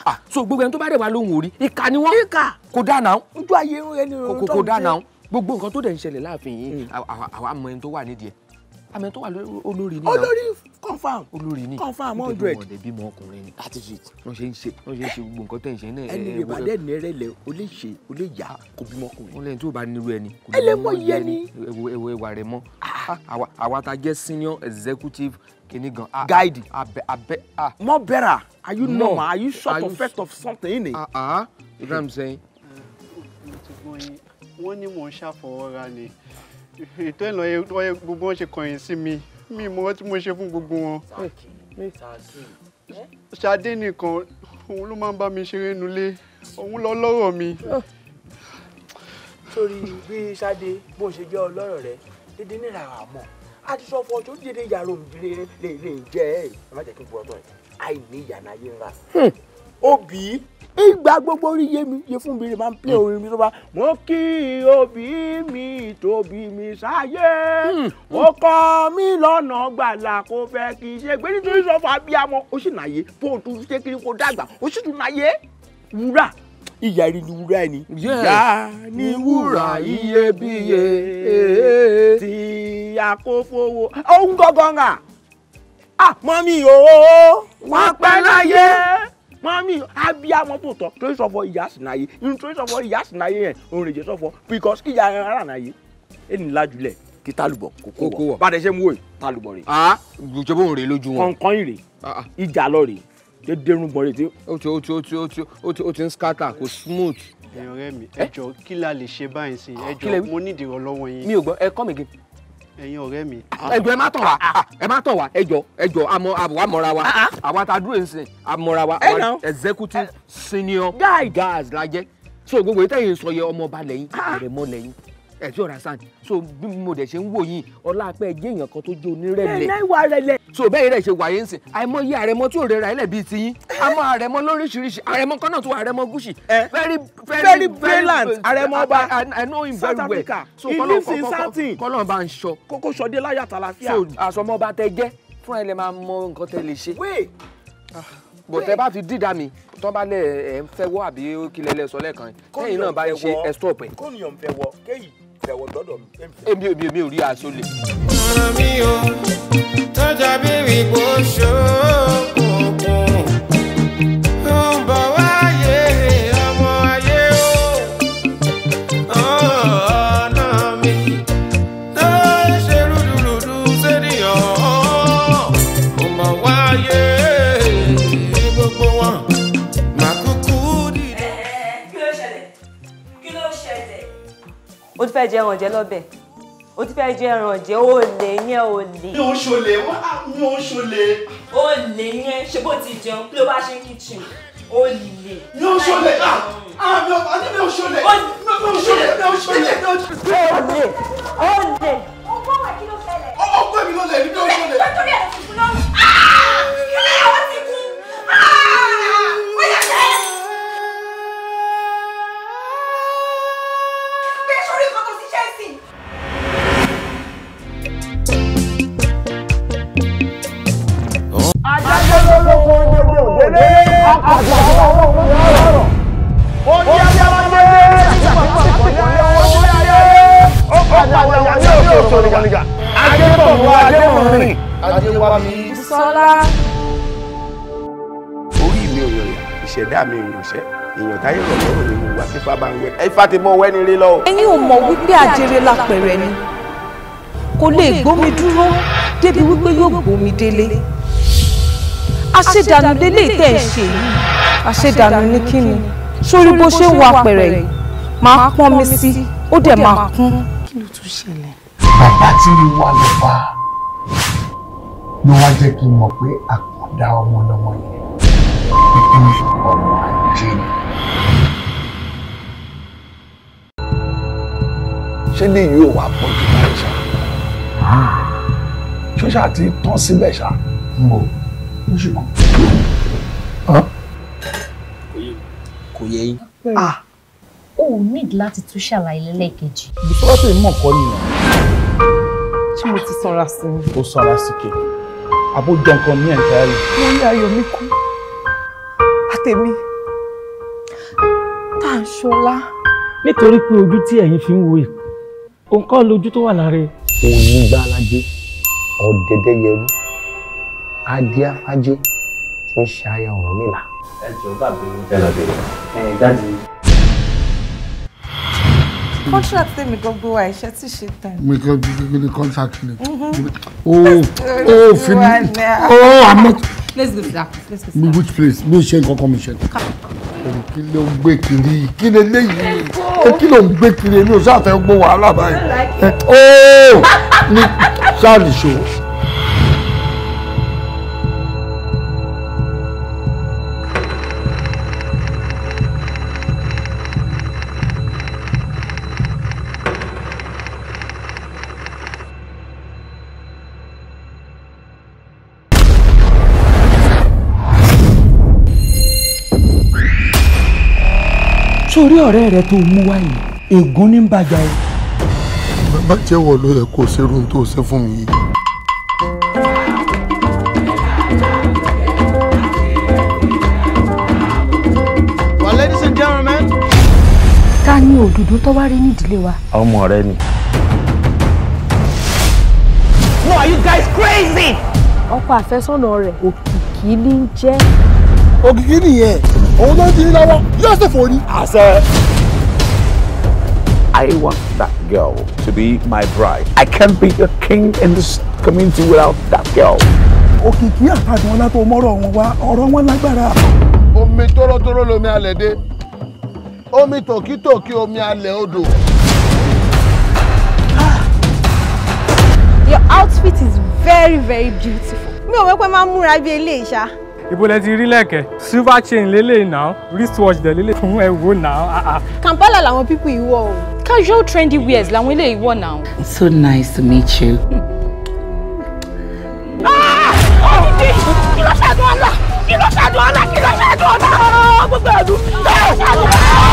ah so gbogbo ẹni tó bá dẹ̀ wá lóhùn orí ìka ni wọ́n ìka kò dáa náà ojú ayé ẹni rẹ̀ tó ń jẹ́ kò dáa náà gbogbo nǹkan tó dẹ̀ ń ṣẹlẹ̀ láàfin yìí hmm. àwa mọ ẹni tó wà nídìí ẹ̀ àmọ́ ẹni tó wà olórí ni olórí confam. olórí ni confam hundred. nítorí wọn dẹbí mọ ọkùnrin ni. that is it. wọn ṣe ń ṣe wọn ṣe ń ṣe gbogbo nǹkan tẹ̀ ń ṣe náà. ẹni yorùbá dẹ́ ní ẹrẹ́ lẹ o lè ṣe o lè yá kó bímọ ọkùnrin. wọn lẹ́yìn tó bá nírú ẹni. ẹlẹ́mọ̀ yẹ ni. ẹwọ ẹwà rẹ mọ ah. ah, àwa ta jẹ́ senior executive kìíní gan. Ah, guide abẹ abẹ. more better are you normal are you short of fact of something ni. ibrahim sẹ́yìn. wọ́n ní mò ń ṣàfọwọ́ra ni ètò ìlànà ọyẹ gbogbo wọn ṣe kọ̀yìn sí mi mi mọ tí mo ṣe fún gbogbo wọn. ṣadé nìkan òun ló máa ń bá mi ṣeré nulẹ̀ òun lọ lọ́rọ̀ mi. sórí bí ṣadé bó ṣe jẹ́ ọlọ́rọ̀ rẹ dídí nílà àmọ́ a ti sọ fún ọ tó dídí yàrá òmìnirí lè jẹ́ ẹ̀ ẹ̀ má jẹ́ kí n bu ọtọ̀ ẹ̀ àìní ìyànà ayé ńlá. obì hmm ìgbà gbogbo orí yé mi yé fún mi rè máa ń play orin mi tó bá. mo kí òbí mi tóbi mi sáyé ó hmm. kọ́ mi lọ́nà gbàlà kó fẹ́ kí n ṣe gbé nítorí sọ fún ó sì nàyé fóun tó ṣe kiri kó dàgbà ó sì tún nàyé wúrà ìyá rí ni wúrà ẹni. ìyá ni wúrà iyebíye tí a kó fowó ohun gangan Ah, mọ́mí o wọ́n pẹ́ láyé mami abiyamọ tó tọ́ torí sọ̀fọ̀ ìyá sì náà yé irun torí sọ̀fọ̀ ìyá sì náà yé yẹn òun rèjẹ sọ̀fọ̀ because ìyá yẹn ara náà yé ẹni lajulẹ̀ kí tálùbọ̀ kókó wọ̀ bá a dẹ̀ ṣe mú wòye tálùbọ̀ rè. ah ìjọba òun rè lójú wọn. kọ̀ǹkọ̀ǹ ìrè ah, ah. ìjà lọ rè dédérún bọ̀ rè tí. ó ti ó ti ó ti ó ti ó ti ó ti ń scatter kò smooth. ẹ̀yin ọ̀rẹ́ mi eh? ẹ jọ̀ọ́ kí la lè ṣe báyìí sí i ẹ ah, jọ̀ọ́ mo nídìí ìrànlọ́wọ́ yín. mi ò gbọ́ ẹ kọ́ mi gẹ́gẹ́ ẹ̀yin ọ̀rẹ́ mi. ẹjọ ẹ má tàn ah, ah. wá ẹ má tàn wá ẹjọ ẹjọ àmọ́ àwa mọ̀ra wa àwa ta dúró ẹsẹ àmọ̀ra wa àwa executive senior guy. guys lajẹ so gbogbo ìtẹ̀yìn sọ yẹ ọmọ ọba lẹ́yìn àrẹ̀mọ ah, lẹ́yìn ẹ ti understand so bí mo dẹ̀ ṣe ń wò yín ọlá pẹ́ jẹ́ èèyàn kan tó jẹ́ onírẹ̀lẹ̀. so bẹ́ẹ̀ rẹ̀ ṣe wàyé ń sìn àìmọye àrẹ̀mọ tí ò rẹ̀ ráìlẹ̀ bíi ti yín àrẹ̀mọ lóríṣiríṣi àrẹ̀mọ kan náà tó àrẹ̀mọ gúúsì. very very brilliant àrẹ̀mọ ọba I know him very kọ́lọ́n bá ń ṣọ. kókó ṣọdé láyà tàlàfíà. so àsọmọba tẹ jẹ́ fún ẹ lè máa mọ nǹkan tẹ lè ṣe. wait ah, bá fi dídá mi tọ́ bá lẹ̀ ẹ̀ ń fẹ́ wọ́ àbí kílẹ̀ lẹ́sọ̀ lẹ́ẹ̀kan yìí náà bá ń ṣe ẹ̀ stop ẹ̀. kóníyàn fẹ́ wọ kéyìí bẹ̀wọ̀ lọ́dọ̀ mi. èmi ò mi ò rí aṣọ lè. ọ̀rọ̀ mi ò tọ́jà bí wípé ó ṣòro. fẹ́ jẹ ẹran jẹ lọ́bẹ̀ o ti fẹ́ jẹ ẹran jẹ o lè yẹn o lè. mi ò ń ṣọlẹ̀ mi ò ń o lè yẹn ṣe bó ti jẹun bí o bá ṣe kitchen o lè. mi ò ń ṣọlẹ̀ mi ò ní mi ò mi ò ń mi ò ń mi ò ń o lè o lè. ọgbọ́n wa kí ló ṣẹlẹ̀. ọgbọ́n mi ló lẹ̀ mi ò ń ṣọlẹ̀. nítorí ẹ̀ ti kú lọ́rùn. ah, ah! kí ti kú. Ah! ó yẹ kẹ́ ẹ̀. adájọ́ ló ló kó ní omi òdélé akọ̀jọ̀ àwọn ọmọ òun ní ọ̀rọ̀. ó ní ẹgbẹ́ wọn dé ìgbàgbọ́ ní ọwọ́ ní ayé ó padà wọ ìyàwó ní òkè òrìgànìgà. adébọ̀wọ̀ adébọ̀rin adéwàmí sọlá. orí mi ò yọ̀yà ìṣẹ̀dá mi ò yọ̀ṣẹ́ èèyàn táyé rọ̀lọ́rọ̀ ni mo wá fífa bá ń wẹ̀. ẹ fà ti mọ ọwẹ́ ni rí lọ. ẹ̀yin ò mọ̀ wípé àjèrè lápẹ̀rẹ̀ ni kò lè gbómi dúró débi wípé yóò gbómi délé àṣedànù lélẹ̀ tẹ̀ ẹ̀ ṣe yìí àṣedànù ní kíni sórí bó ṣe ń wa pẹ̀rẹ̀ yìí máa pọ́n mi sí ó dẹ̀ máa kún. kí ló tún ṣẹlẹ̀. bàbá tí mo wà ló bá ló wá jẹ́ kí n mọ̀ pé àkàndá ọmọ lọ́mọ yẹn pípín ọmọ ajé ni. ṣé ní ìyó wà pọ̀ jù báyìí ṣá ah. ṣó ṣáà ti tán síbẹ̀ ṣá. mo lóṣù kan. kò yẹ yín. Ah. o ò need láti tún ṣàlàyé lẹ́lẹ́kejì. bùsọ́lọ́tò yìí mọ̀ kọ́ nìyẹn. ṣé mo ti sanra sí i. ó sanra síkè àbójọ nǹkan mi ẹ̀ ń tẹ́lẹ̀. mo ní ayọ̀ mi kú àtẹ̀mí tá à ń ṣọlá. nítorí pé ojú tí ẹ̀yin fi ń wo èkó òǹkọ́ lójú tó wà lára ẹ̀. òun ní gbálájé ọ̀dẹ̀dẹ̀ yẹrú adíáfájé tí ń ṣe aya Ọ̀rúnmìlà. ẹ jọ bàbá mi fẹ́ lọ bèrè ẹ dájú. contract tèmi gbogbo wa iṣẹ́ tí ṣe tán. mi kò gbogbo ní contract ni. o o fi mi o àmọ́. let's go to that place. let's go to that place. which place mi ṣe nǹkan kan mi ṣe. kí ló ń gbé kiri kí ló léyìí kí ló ń gbé kiri mi ò sáfẹ́ gbọ́ wàhálà báyìí. o ní sáà lè ṣòwò. sórí ọ̀rẹ́ rẹ tó mú wá yìí ègún ní bàjá o. bàbá jẹ́wọ́ ló yẹ kó o ṣerú tó o ṣe fún mi yìí. ladies and gentlemen. ta ni òdòdó tó wá rí nídìílé wa. ọmọ rẹ ni. No, are you guys crazy? ọkọ àfẹ́sọ́nà rẹ̀ òkìkí ní jẹ́. òkìkí nìyẹn òun ló ń di lọ́wọ́ yóò sì fò ní. àṣẹ. I want that girl to be my bride. I can't be a king in this community without that girl. Òkìkí àtàdùn ọlá tó mọ́rọ̀ wọn wá ọ̀rọ̀ wọn lágbára. Omi tórótóró lomi alẹ̀ dé. Omi tòkítòkí omi alẹ̀ odò. Ah! Your outfit is very very beautiful. Mi ò wẹ́ máa ń múra bí eléyìí ṣá ibo ti rí lẹ̀kẹ̀ silver chain lélẹ̀ náà wristwatch dẹ̀ lélẹ̀ fún ẹ̀wò náà. Ah, ah. Kampala làwọn pípọ̀ ìwọ o casual trendy wears làwọn ilé ìwọ náà. It's so nice to meet you. Hmm. Ah! Oh ṣàdùn ọ̀la kí ló ṣàdùn ọ̀la kí ló ṣàdùn ọ̀la ah, gbogbo ẹ̀dùn kí ló ṣàdùn